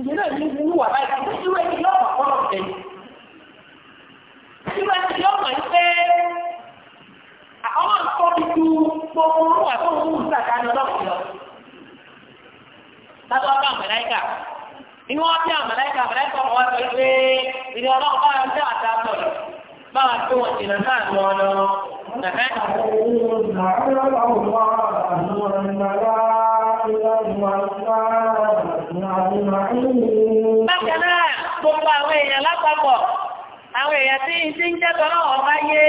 ìyẹn náà ní inú wà báyìí kí irú ẹni yóò máa kọ́ lọ́sẹ̀ yìí. irú ẹni yóò máa ń pẹ́ àwọn nǹkan bí ju gbogbo orú wà tó ń mú ìsàkà ní ọlọ́pàá lọ. Tábọ̀ bá àmàláìkà. Inú wọn bí àmàláìkà àmàláìkà wọn wá sọ pé ìdí ọlọ́pàá bá ń dá àtà sọ̀rọ̀. Báwa tó wọn jìnnà Bákan gbogbo àwọn èèyàn lápapọ̀, àwọn èèyàn tí ń tí ń jẹ́tọ̀ náà wọ́n bá yé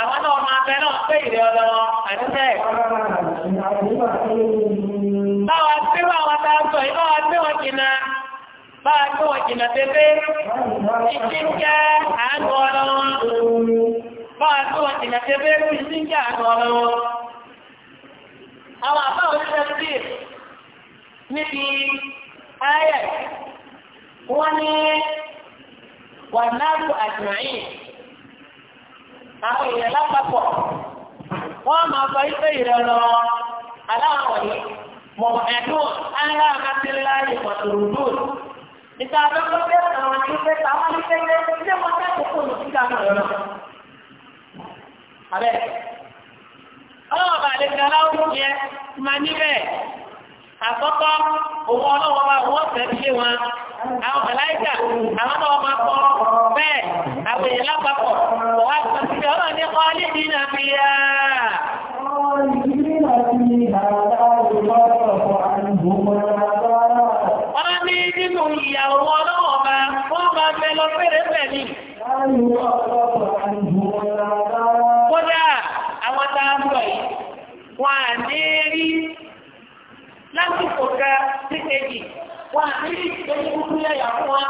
àwọn náà máa bẹ náà pé ìrẹ́ ọlọ àdúgbẹ́. Báwa gbé wọn ta níbi áyà wọ́n ní wàhálà àjùmáyé àwọn èèyàn lápapọ̀ wọ́n máa sọ ife ìrọ̀lọ́ aláwọ̀ yìí mọ̀ ẹ̀dùn ara àmàtìlá ìmọ̀tòròdò níta àbẹ́kọ́ bí àwọn ìfẹ́ táwọn ìfẹ́ ilé wọn dákòókò ló ti dáná lọ́nà. Abẹ́ ọlọ́ọ̀bà lè fi aláwọ̀ yẹn máa níbẹ̀ àkọ́kọ́ òun ọlọ́wọ́ máa wọ́n fẹ́ ṣe wọn àwọn màláìkà àwọn náà máa kọ́ bẹ́ẹ̀ àwọn èèyàn lápapọ̀ wọ́n sí ọlọ́ ní kọ́ ní bí wọ́n ní nínú ìyàwó ọlọ́wọ́ máa wọ́n máa fẹ́ lọ fẹ́rẹ́ fẹ́ ni. kódà àwọn tá wọ́n á ní lásìkò ká sí wọn àti ìṣẹ́jú kúkú yẹ̀yà fún wa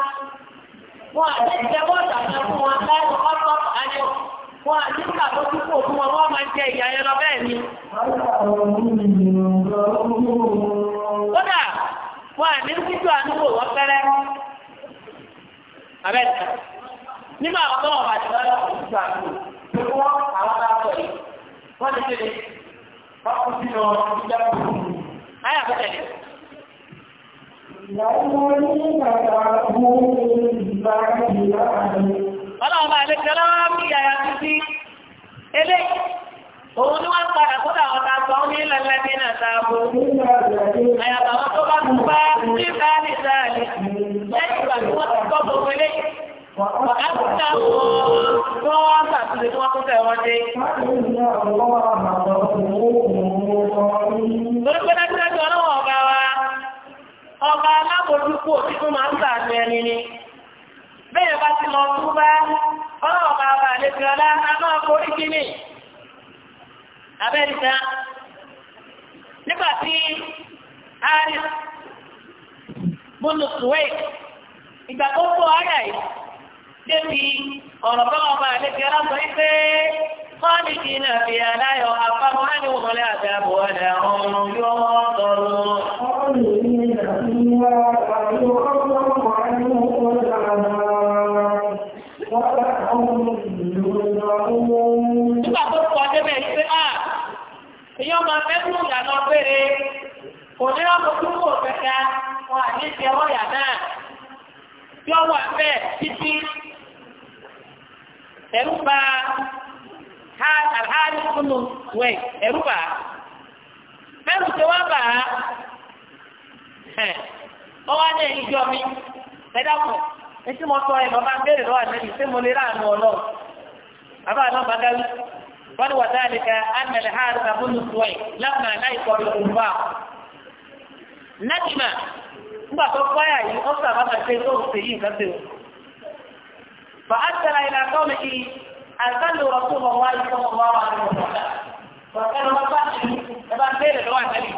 wọn àti ìjẹ́wọ́ ìdàgbà fún wa láì wọ́n tọ́ wọn àti ìkàbójú kò fún wọn máa jẹ ìyá yẹn lọ ni. kódà wọn àti ìṣẹ́jú àdúgbò wọ́n fẹ́rẹ́ abẹ́ta nígbà àwọn tó wọ́n bá ti lọ́wọ́ ìṣẹ́jú àdúgbò gbogbo wọn àwọn bá wọ̀ yìí wọ́n ti ṣe lè wọ́n kú sínú ìjọba Ayà tó tẹ̀lé. Ọlọ́run bá ilé kẹlọ́ bí yàrá títí. Elé, òun ni wọ́n padà kó dà ọ̀tá sọ ní ilẹ̀lẹ́ ní àtàbò. Àyàbà wọn tó bá tún bá ní báyìí sáàlì. Lẹ́yìn ìgbà tí wọ́n ti kọ́ gbogbo ilé. wọ́n wọ́n sàtúnṣe wọ́n burúkú òtí tó máa ń gbà ẹni ni. bẹ́ẹ̀ bá ti lọ tún bá lè fi ọlá nígbà tí ari bùnú ìgbà tó yìí ọ̀rọ̀ lè fi ọlá خالدين فيها لا يعقب عنهم العذاب ولا هم ينظرون Nígbà tó pọ̀ débẹ̀ ṣe á, èyàn máa fẹ́ mú ìdáná péré, kò ní ọmọ tó kò kẹta, wọn à ní jẹ ọ̀yà náà. Yọ wà bẹ́ẹ̀ títí, ẹ̀rú bá alhari kunu wẹ ẹrú eruba bẹ́ẹ̀rù tí wọ́n bá ọ ní ìjọ mi ẹ̀dàkùn etí mo sọ ẹ̀ bàbá béèrè lọ́wọ́ àtẹ́bí tí mo lè ráàánú ọlọ́run bàbá náà bá dáwí wọ́n ní wọ́tá àdìgá àmẹ́lẹ̀ na àti àbúlù tuwẹ̀ lọ́nà aláìkọ́ ìkùnfà nàkìmà nígbà tó fọ́yà yìí ó sábà tó ń nǹkan tó. bàá àgbàdo ọ̀tún mọ̀ wá ìfọ̀ mọ̀ wá wà ní ọ̀dọ̀ ọ̀kẹ́ni wọn bá ti ẹ bá béèrè lọ́wọ́ àtẹ́lẹ̀.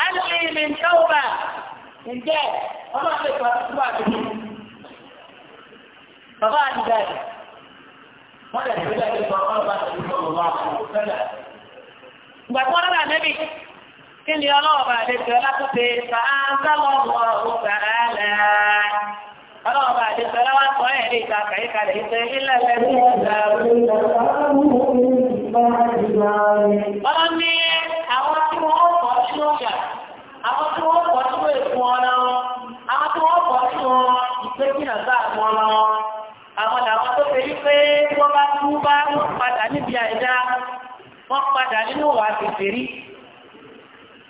a ń lè mi tọ́wọ́bà ǹjẹ́ ọlọ́ọ̀bà àdìsọ lọ́wọ́ sọ ẹ̀ lè ta kàyí kalẹ̀ ìṣe ilẹ̀ lẹ́bí ọ̀dà. wọ́n ní àwọn tí wọ́n kọ́ sínú ọjà àwọn tí wọ́n kọ́ sínú èkó ọ̀nà àwọn tí wọ́n kọ́ sínú ìgbésìnà sáàmù ọ̀nà àwọn làwọn tó fẹ́ wípé wọ́n bá tú bá padà níbi àìdá wọ́n padà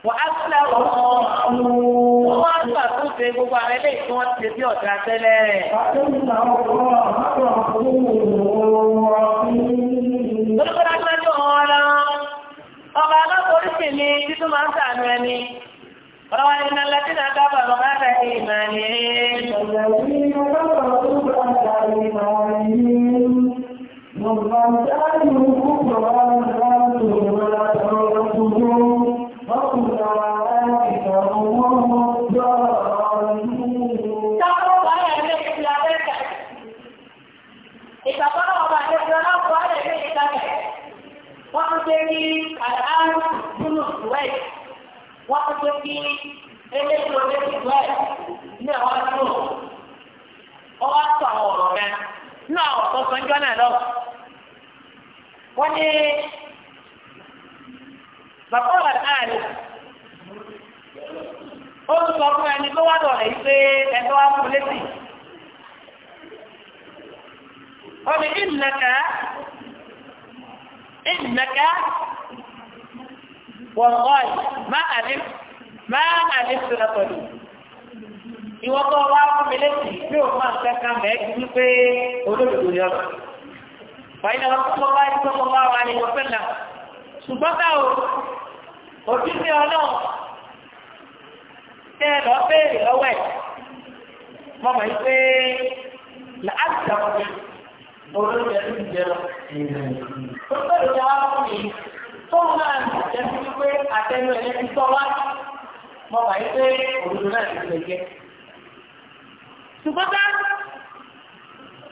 wọ́n á sílẹ̀ ọ̀hún wọ́n á gbà tó ṣe gbogbo àwọn ilé ìtún wọn ti lọ, ọba alákòórí sì ni Ọ̀rọ̀ wa ni Nàlá náà dábàá lọ bá bẹ̀ ìmọ̀ ni. pé kí eléyìí ọdẹ ti gbọ́ ẹ̀ ní àwọn àdúgbò wọ́n wá sọ àwọn ọ̀rọ̀ rẹ̀ nínú àwọn ọ̀tọ̀ sanjọ́ náà lọ. wọ́n ní bàbá wà láàrin ó ń sọ fún ẹni tó wá dọ̀rẹ̀ yìí pé ẹni wá fún létí. wọ́n ìnàkà ìnàkà wọ̀ngọ́ọ̀lì má àdéhùn máa àní sọ̀rọ̀ pẹ̀lú ìwọ́n kọ́ wá fún mi létí bí òun máa ń kẹ́kẹ́ mẹ́ẹ̀kì wípé olóòdòdó ni ọ̀rọ̀ wáyé náà wọ́n kọ́ wá ní kọ́kọ́ wá wá ní wọ́n fẹ́lá ṣùgbọ́n ká o òbí ní ọlọ́run tẹ́ ẹ lọ béèrè lọ́wọ́ ẹ̀ mọ̀ mọ̀ pé láti àwọn ọmọ olóòdòdó ẹ̀ ń lọ. olóòdòdó wa fún mi tó máa jẹ́ sí wípé àtẹnu ẹ̀ mo mà yí pé òdodo náà ti lè jẹ. ṣùgbọ́n ká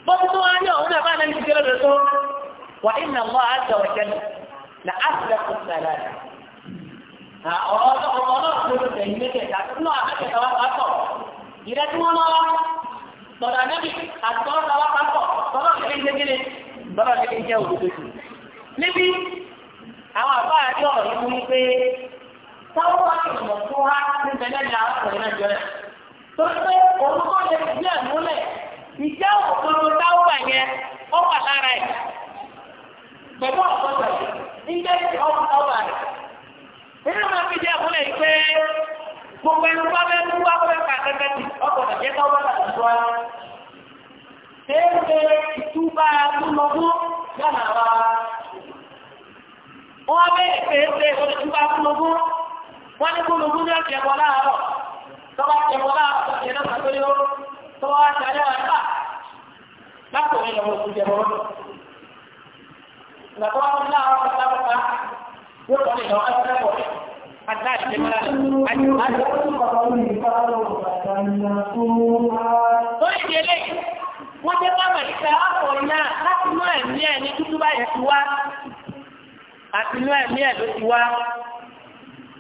bọ́ọ̀bù tó wá ní ọ̀hún náà bá náà ti jẹ́ lọ́dọ̀ tó wà nínú àwọn àjọ ọ̀jẹ́ nù na áfíríkà kò sára rẹ̀. ọ̀rọ̀ ọ̀rọ̀ náà tó ló tẹ̀yìn mẹ́tẹ̀ẹ̀ta nínú àbẹ́tẹ̀ta wá pàtó ìrẹ́ tí wọ́n lọ tọ̀dọ̀ ànábì àti tọ́lọ́ wá pàtó tọ́lọ́ kékeré tọ́lọ́ táwọn wá ìmọ̀ tó wá níbẹ̀ lẹ́yìn arákùnrin náà jọ tó pé orúkọ lè gbé ẹ̀ múlẹ̀ ìjẹ́ òkúru táwọn wà yẹn ó wà lára ẹ̀. pẹ̀lú ọ̀pọ̀lọpọ̀ ìjẹ́ ọ̀pọ̀lọpọ̀ rẹ̀. nínú máa fi jẹ́ ìmúlẹ̀ pé gbogbo ẹni wá bẹ́ẹ̀ ní wá bẹ́ẹ̀ pa kẹ́kẹ́ ọ̀pọ̀lọpọ̀ jẹ́ káwọn bá tà tó ìtúbà lúlọ́gbó yàrá wa. Wọ́n bẹ̀rẹ̀ pé ìtúbà lúlọ́gbó wọ́n ní gbólógún ní ọ̀jẹ̀ láàárọ̀ tọ́ba jẹ̀ láàárọ̀ tọ́jẹ̀ náà kàtó ní oró láàárọ̀ pátápátá yóò tọ́ wọ́n jẹ́ bá màlíkà ọkùnrin náà láti inú ẹ̀mí ẹ̀ ní tútú báyìí Àti inú ẹ̀mí ẹ̀ ló ti wá.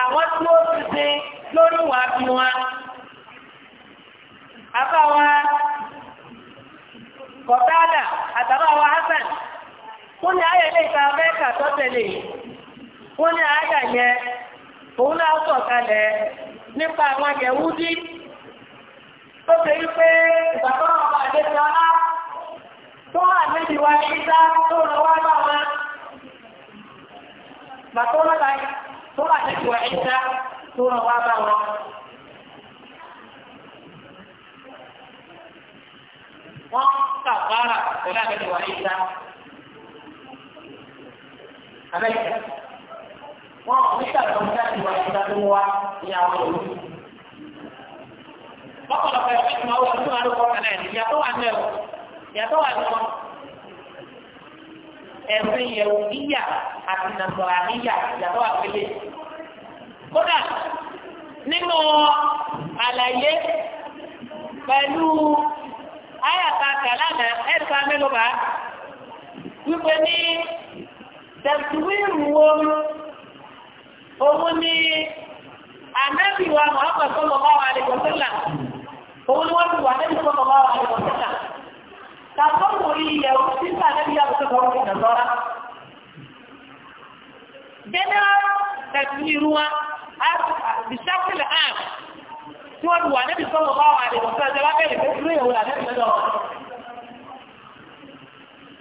àwọn tí ó ti ṣe lórí wà bí wọn àbáwa kọ̀tádà àtàbáwa hasan wọ́n ní ayẹyẹ ìta amẹ́ríkà tó tẹ̀lé wọ́n ní ayẹyẹ yẹn òun náà sọ̀ kalẹ̀ nípa àwọn yẹ̀wúdí tó ṣe rí pé ìgbàgbọ́ ọmọ tó wà ní ìwà ẹja tó ràn wá bá wọn. wọ́n kàfàrà pẹ̀lú àbẹ̀lẹ̀ ìwà ẹja. abẹ́yẹ wọ́n nígbà tó ń dá ìwà ẹja tó wá ní àwọn òbí. ọ̀pọ̀lọpọ̀ ẹ̀ka ìmọ̀ ọ̀wọ́ tó wà lóko ọ̀kan ẹ̀ ìyàtọ̀ wà ní ẹ̀wọ̀ ìyàtọ̀ wà ní wọn ẹ̀sìn yẹ̀wò níyà àti nàgbọ̀rà níyà yàtọ̀ àpẹẹlẹ. kódà nínú àlàyé pẹ̀lú ayàtà kàlánà ẹ̀ka mélòó bá wípé ní tẹ̀síwìrì wo òun ni ànábìwà mọ̀ọ́kọ̀ sọ́lọ́ bá wà lè gbọ́sọ́là òun ni wọ́n ti wà lẹ́yìn sọ́lọ́ bá wà lè kàtọ́nù ìyẹ̀wò sísà lẹ́bí àbúkọ́ ọ̀rọ̀ ìdàgbọ́ra. general tẹ̀síìrú wa àbíṣàkìlẹ̀ àm tí wọ́n wà níbi sọ́wọ́ bá wà nínú sọ́jọ́ bá bẹ̀rẹ̀ pé kúrò ìyẹ̀wò làbẹ́ ìgbẹ́dọ̀.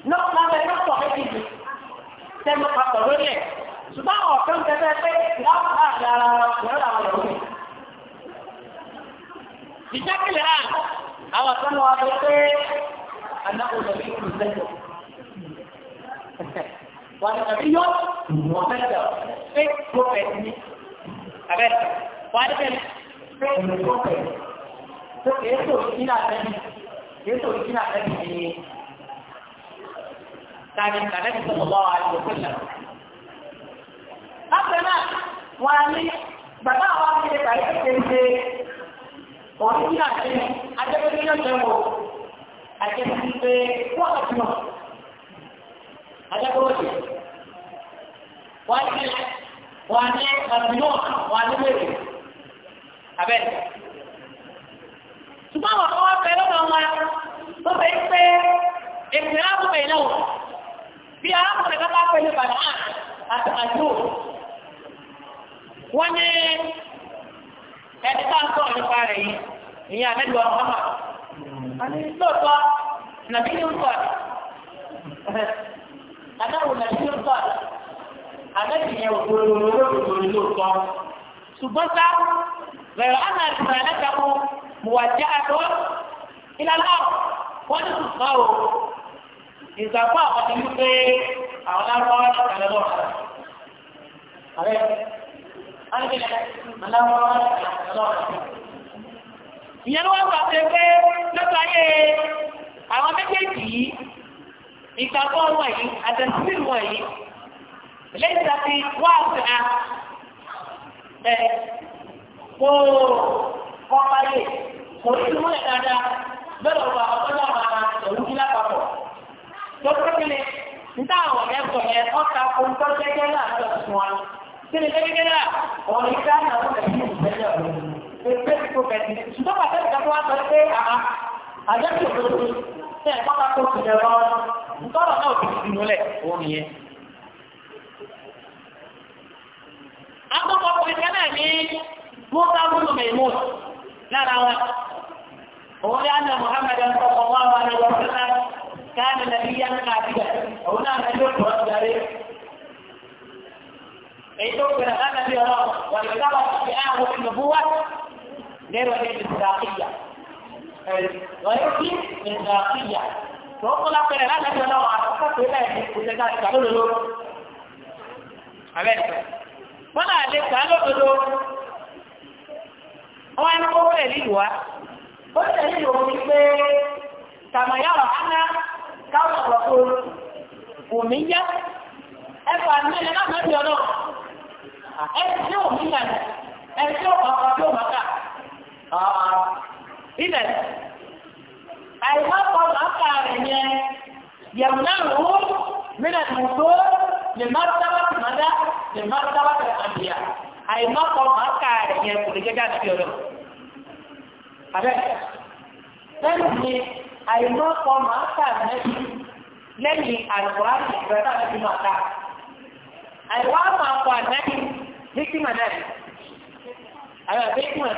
lọ́pọ̀ lọ́pọ̀ lọ́pọ̀ méjì ni tẹ́lú papọ̀ lórí ẹ̀ ṣùgbọ́n àwọn ọ̀fẹ́ ń tẹ́lẹ̀ pé láwọn àgbà ara wọn kò rẹ̀ àwọn ọ̀rọ̀ ìṣàkìlẹ̀ àm àwọn ọ̀fẹ́ أنه نبي مذكر ونبي مذكر في كوبيتني أبدا وعليك في كوبيتني تو يسو إلى النبي يسو إلى النبي كان النبي صلى الله عليه وسلم أبدا وعليك bàbá àwọn akéde kàlẹ́ kéde ọ̀rẹ́ yìí àti adébẹ́lẹ́ yóò jẹ́ wọ́n àjẹsí pé wọ́n àti wọn àjẹkọ̀ọ́ ṣe wọ́n á ti wọ́n á ní àbíyàn wọ́n á ní wèrè abẹ́ ṣùgbọ́n àwọn ọmọ ọ̀fẹ́ lọ́dọ̀ wọn tó fẹ́ pé èmi arákùnrin náà bí arákùnrin kan bá pẹ̀lú bàbá àti àjò wọ́n ní ẹni tá à ń sọ̀rọ̀ nípa rẹ̀ yìí ìyẹn àmẹ́lú ọmọ ani lọ́pàá nàbí yóò fà adáwò nàbí yóò fà adájìyẹ òkòròlóròkòrò lóòótọ́ ṣùgbọ́n sá bẹ̀rẹ̀ ọ̀nà àtìmọ̀ ẹ̀lẹ́kàmú mùwàjá àtọ́ ìlànà wọ́n ti sùn fáwọ́ ìgbàgbọ́ àwọn ọmọ wípé àwọn lárúbáwá ní ìkàlẹ́ lọ́wọ́ ààrẹ ààrẹ alẹ́ aláwọ̀ ààrẹ lọ́wọ́ ààrẹ ìyẹn ló wá wà pé pé lọ́tọ̀ ayé àwọn méjèèjì yìí ìgbàgbọ́ wọn yìí àtẹ̀sí wọn yìí lẹ́yìn tàbí wá sí a ẹ̀ kó kọ́ ayé kò sí múlẹ̀ dáadáa bẹ́ẹ̀ lọ́wọ́ ọ̀pọ̀lọpọ̀ àwọn ẹ̀rú kí lápapọ̀ tó tó kéde níta àwọn ẹ̀kọ́ yẹn ọ̀ta ohun tó jẹ́jẹ́ náà lọ́sùn wọn. Kí ni jẹ́jẹ́ náà? Ọ̀rọ̀ prophet ni ṣùgbọ́n bàtà ìgbà tó wá sọ pé àmà àjẹ́kù òdodo tẹ̀ pátá kó ti lẹ̀ rọ ntọ́rọ̀ náà ti fi múlẹ̀ òun nìyẹn. akọ́kọ́ Muhammad ń kọ́kọ́ wá wà ní wọ́n fẹ́lá káàdì nàbí yá ńlá àbíyà òun náà nàbí ó kọ́ èyí ti fi áwọn olùnàbúwá غير وجه مصداقية ويكفي مصداقية فوق لا فرق لا نجد لو عرفت ولا يجب أن تكون له أبدا wọ́n àlè sàánù òdodo wọ́n ẹni kó tẹ̀lé ìwà ó tẹ̀lé ìwà ní pé tàmàyàwó aná káwọn ọ̀pọ̀ òmí yá ẹ̀fà ní ẹ̀lẹ́ náà mẹ́bí ọ̀nà ẹ̀sì tí òmí Ilẹ̀ àìmọ́kọ̀ látàrí yẹn yẹ̀m náà rú mílẹ̀ mùtó lè má sábà tì mọ́dá lè má sábà tì àbíyà. Àìmọ́kọ̀ látàrí yẹn kò lè jẹ́gà sí ọ̀rọ̀. Abẹ́ lẹ́nu ni àìmọ́kọ̀ látàrí mẹ́sì lẹ́yìn àìkúrá ìgbẹ́ta lẹ́sì máa ká. Àìwá máa kọ àdáyé ní kí màdá yìí. Àwọn àbẹ́kùn ẹ̀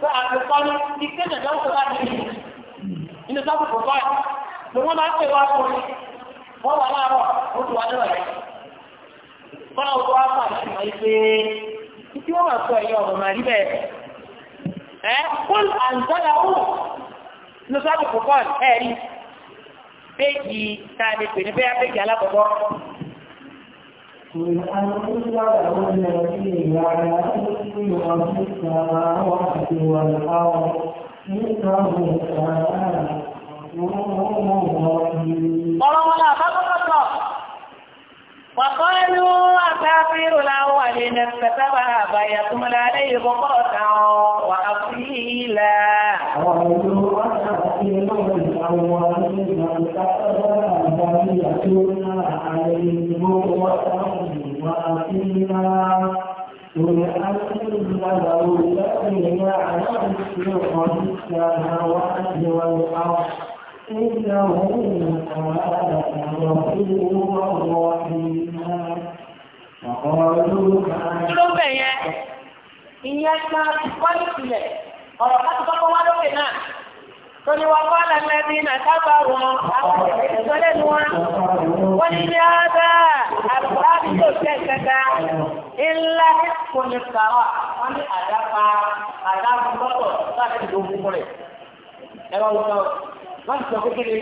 fẹ́ àtẹ̀kọ́lé ti kéde lọ́wọ́ láti rí inú sábà kò bá ní wọ́n máa ń pè wá fún mi wà láàárọ̀ ó ti wá rẹ̀ kọ́nà ó wá fà ní ìmọ̀ ìpè títí wọ́n máa sọ ẹ̀yìn ọ̀rọ̀ máa rí bẹ́ẹ̀ ẹ́ kúl àǹtọ́lá wù inú sábà kò bá ẹ̀rí péjì tá pè ní bẹ́ẹ̀ péjì alákọ̀ọ́kọ́ قل أنزله الذي يعلم في السماوات والأرض إنه كان غفورا رحيما وقالوا أساطير الأولين اكتسبها فيكمل عليه بكرة وأصيلا قالوا أساطير الأولين اكتسبها فيكمل عليه بكرة وأصيلا قل أنزل له الذي يعلم السر في السماوات والأرض إنه غفور رحيم وقالوا ìyẹn máa ti kọ́ ìpìlẹ̀ na sábà wọn àwọn ìṣẹ́lẹ̀ ní wọn wọ́n ní ní ọ́dá àbúrábí tó jẹ́ ìṣẹ́ta ńlá kò ní sàrọ̀ wọ́n ní àdápa àdápa lọ́pọ̀ láti dùn wọ́n sọ pé kéde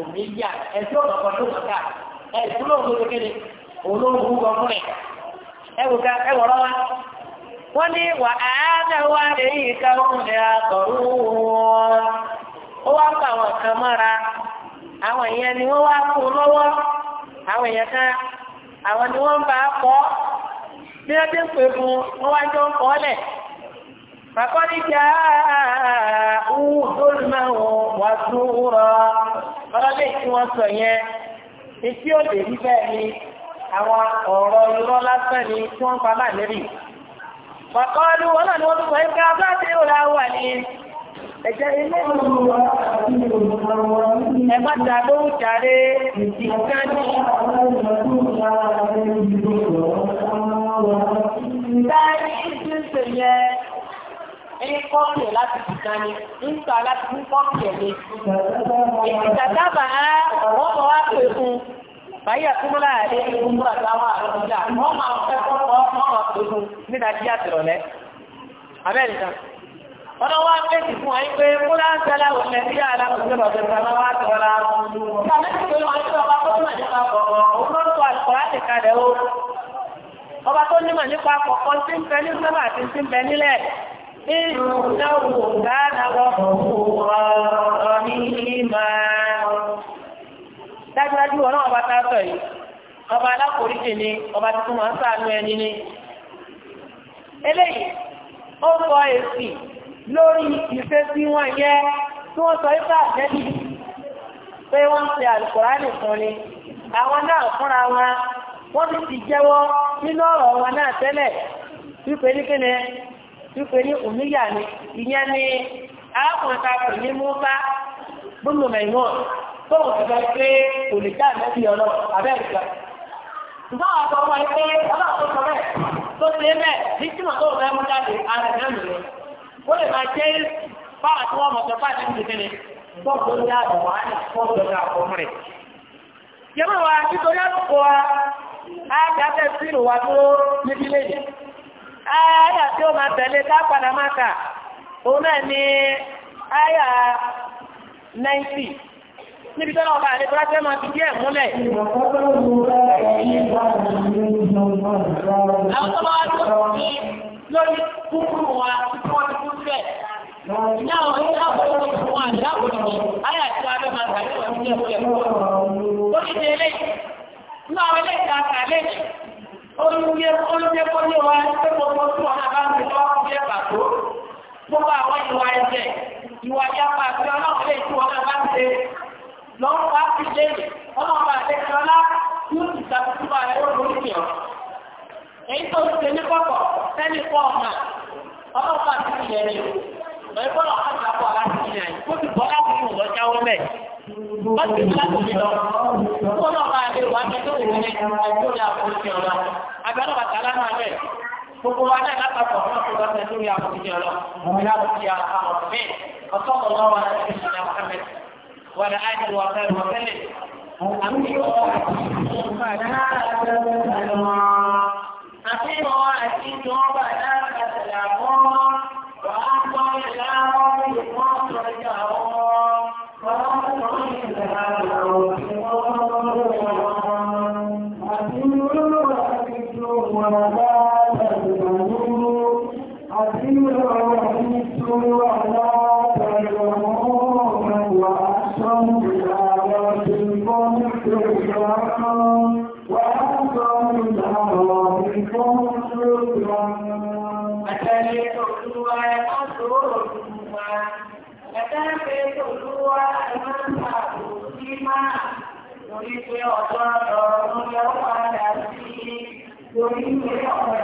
òní yá ẹ̀sìn ọ̀nà tó kàkà ẹ̀sìn ló ń gbé kéde olóhùn gan fún ẹ̀ ẹ̀wò wọ́n ní wà á náà èyí ká òun ní àtọ̀rù wọn. ó wá ń pa àwọn kan mọ́ra àwọn èèyàn ni wọ́n wá kó lọ́wọ́ àwọn èèyàn kan àwọn ni wọ́n bá kọ́ bí wọ́n ti ń pè fún wọn wá jọ ń kọ́ lẹ̀. فقد جاءوا ظلما وزورا ọlọ́dẹ̀ tí wọ́n sọ yẹn etí ò lè rí bẹ́ẹ̀ ni àwọn ọ̀rọ̀ irọ́ lásán ni tí wọ́n pa láàlẹ́rì pàkọ́ọ́lù wọn náà ni wọ́n tún sọ yín ká bá ti rò láwà ní ẹ̀jẹ̀ ilé ẹ̀ má ta lóhùn jàre nǹkan ní. Táyé ti ń sèyẹn ẹni kọ́ọ̀pì ẹ̀ láti dìkan ni nípa láti mú kọ́ọ̀pì ẹ̀ ni. ìtàtàbà á wọ́n mọ̀ wá pè fún báyìí àtúmọ̀lá àdé ìgbìmọ̀ àtàwọn àtúndà wọ́n máa fẹ́ kọ́kọ́ wọ́n máa pè fún ní nàìjíríà tìrọ̀lẹ́ amẹ́ríkà. wọ́n wá pèsè fún ẹni pé múlá ń sẹ́lá òun nàìjíríà alákòóso ọ̀sẹ̀ sọ́lá wá tọ̀rọ̀ àwọn ọba tó nímọ̀ nípa àkọ́kọ́ tí ń bẹ ní sẹ́mà àti tí ń bẹ nílẹ̀ إنه كان غفورا dájúdájú wọn náà ọba tá yìí ọba alákòóríkì ni ọba tuntun máa ń ṣàánú ẹni ni eléyìí ó sọ èsì lórí tí sọ pé wọ́n àwọn náà fúnra wọn wọ́n ti jẹ́wọ́ nínú ọ̀rọ̀ wọn náà tẹ́lẹ̀ wípé ní òmíyà ni ìyẹn ni arákùnrin ta pè ní Musa gbọ́dọ̀ mẹ́mọ́ tóun ti sọ pé kò lè dá ìmẹ́bí ọlọ́ abẹ́ ìgbà. ṣùgbọ́n àwọn ọkọ̀ wọn pé ọlọ́run tó sọ bẹ́ẹ̀ tó ṣe é bẹ́ẹ̀ ní tìmọ̀ tó fẹ́ mú jáde ara ìgbà nìyẹn. ó lè máa jẹ́ báwa tí wọ́n mọ̀ àyà tí ó máa tẹ̀lé ká padà òun ni 90 níbi tọ́lọ́ ọba àti ìfúráṣẹ́ máa díẹ̀ múlẹ̀. àwọn tó bá wá tó ti lórí kúkúrú wa tí olùyẹ olùyẹ kọjú wa ẹgbẹ́ gbogbo tí wọn bá ń bí lọ́wọ́ bí ẹ pàtó gbogbo àwọn ìwà ẹ̀jẹ̀ ìwà yapa àti ọlọ́run lè tí wọn bá ń ṣe lọ́wọ́ bá fi lé ọlọ́run bá lè fi ọlá yóò ti ṣàtúntò ààrẹ olórí fi hàn. èyí tó ti ṣe ní kọ̀kọ̀ sẹ́ni fọ́ ọ̀nà ọlọ́run bá ti fi yẹn lọ ẹgbẹ́ ọ̀nà kan àbọ̀ láti fi hàn kó ti bọ́ láti fi wọ́n jáwọ́ mẹ́ tó wù ní ẹ̀rọ ọgbọ́n ní àforíjì ọlọ abẹ́rẹ́ bàtà lánàá rẹ̀ gbogbo wa náà lápapọ̀ fún ọkọ̀ ọ̀sẹ̀ lórí àforíjì ọlọ òun yà lórí àwọn ọ̀sẹ̀ ọ̀sọ́ ọ̀lọ́ wa láti fi ṣẹlẹ̀ Muhammad wà ní àyè wà fẹ́ wà fẹ́lẹ̀ àti ìwọ̀n àti ìjọba náà 你给我唱首《红颜白发情》，我给你唱。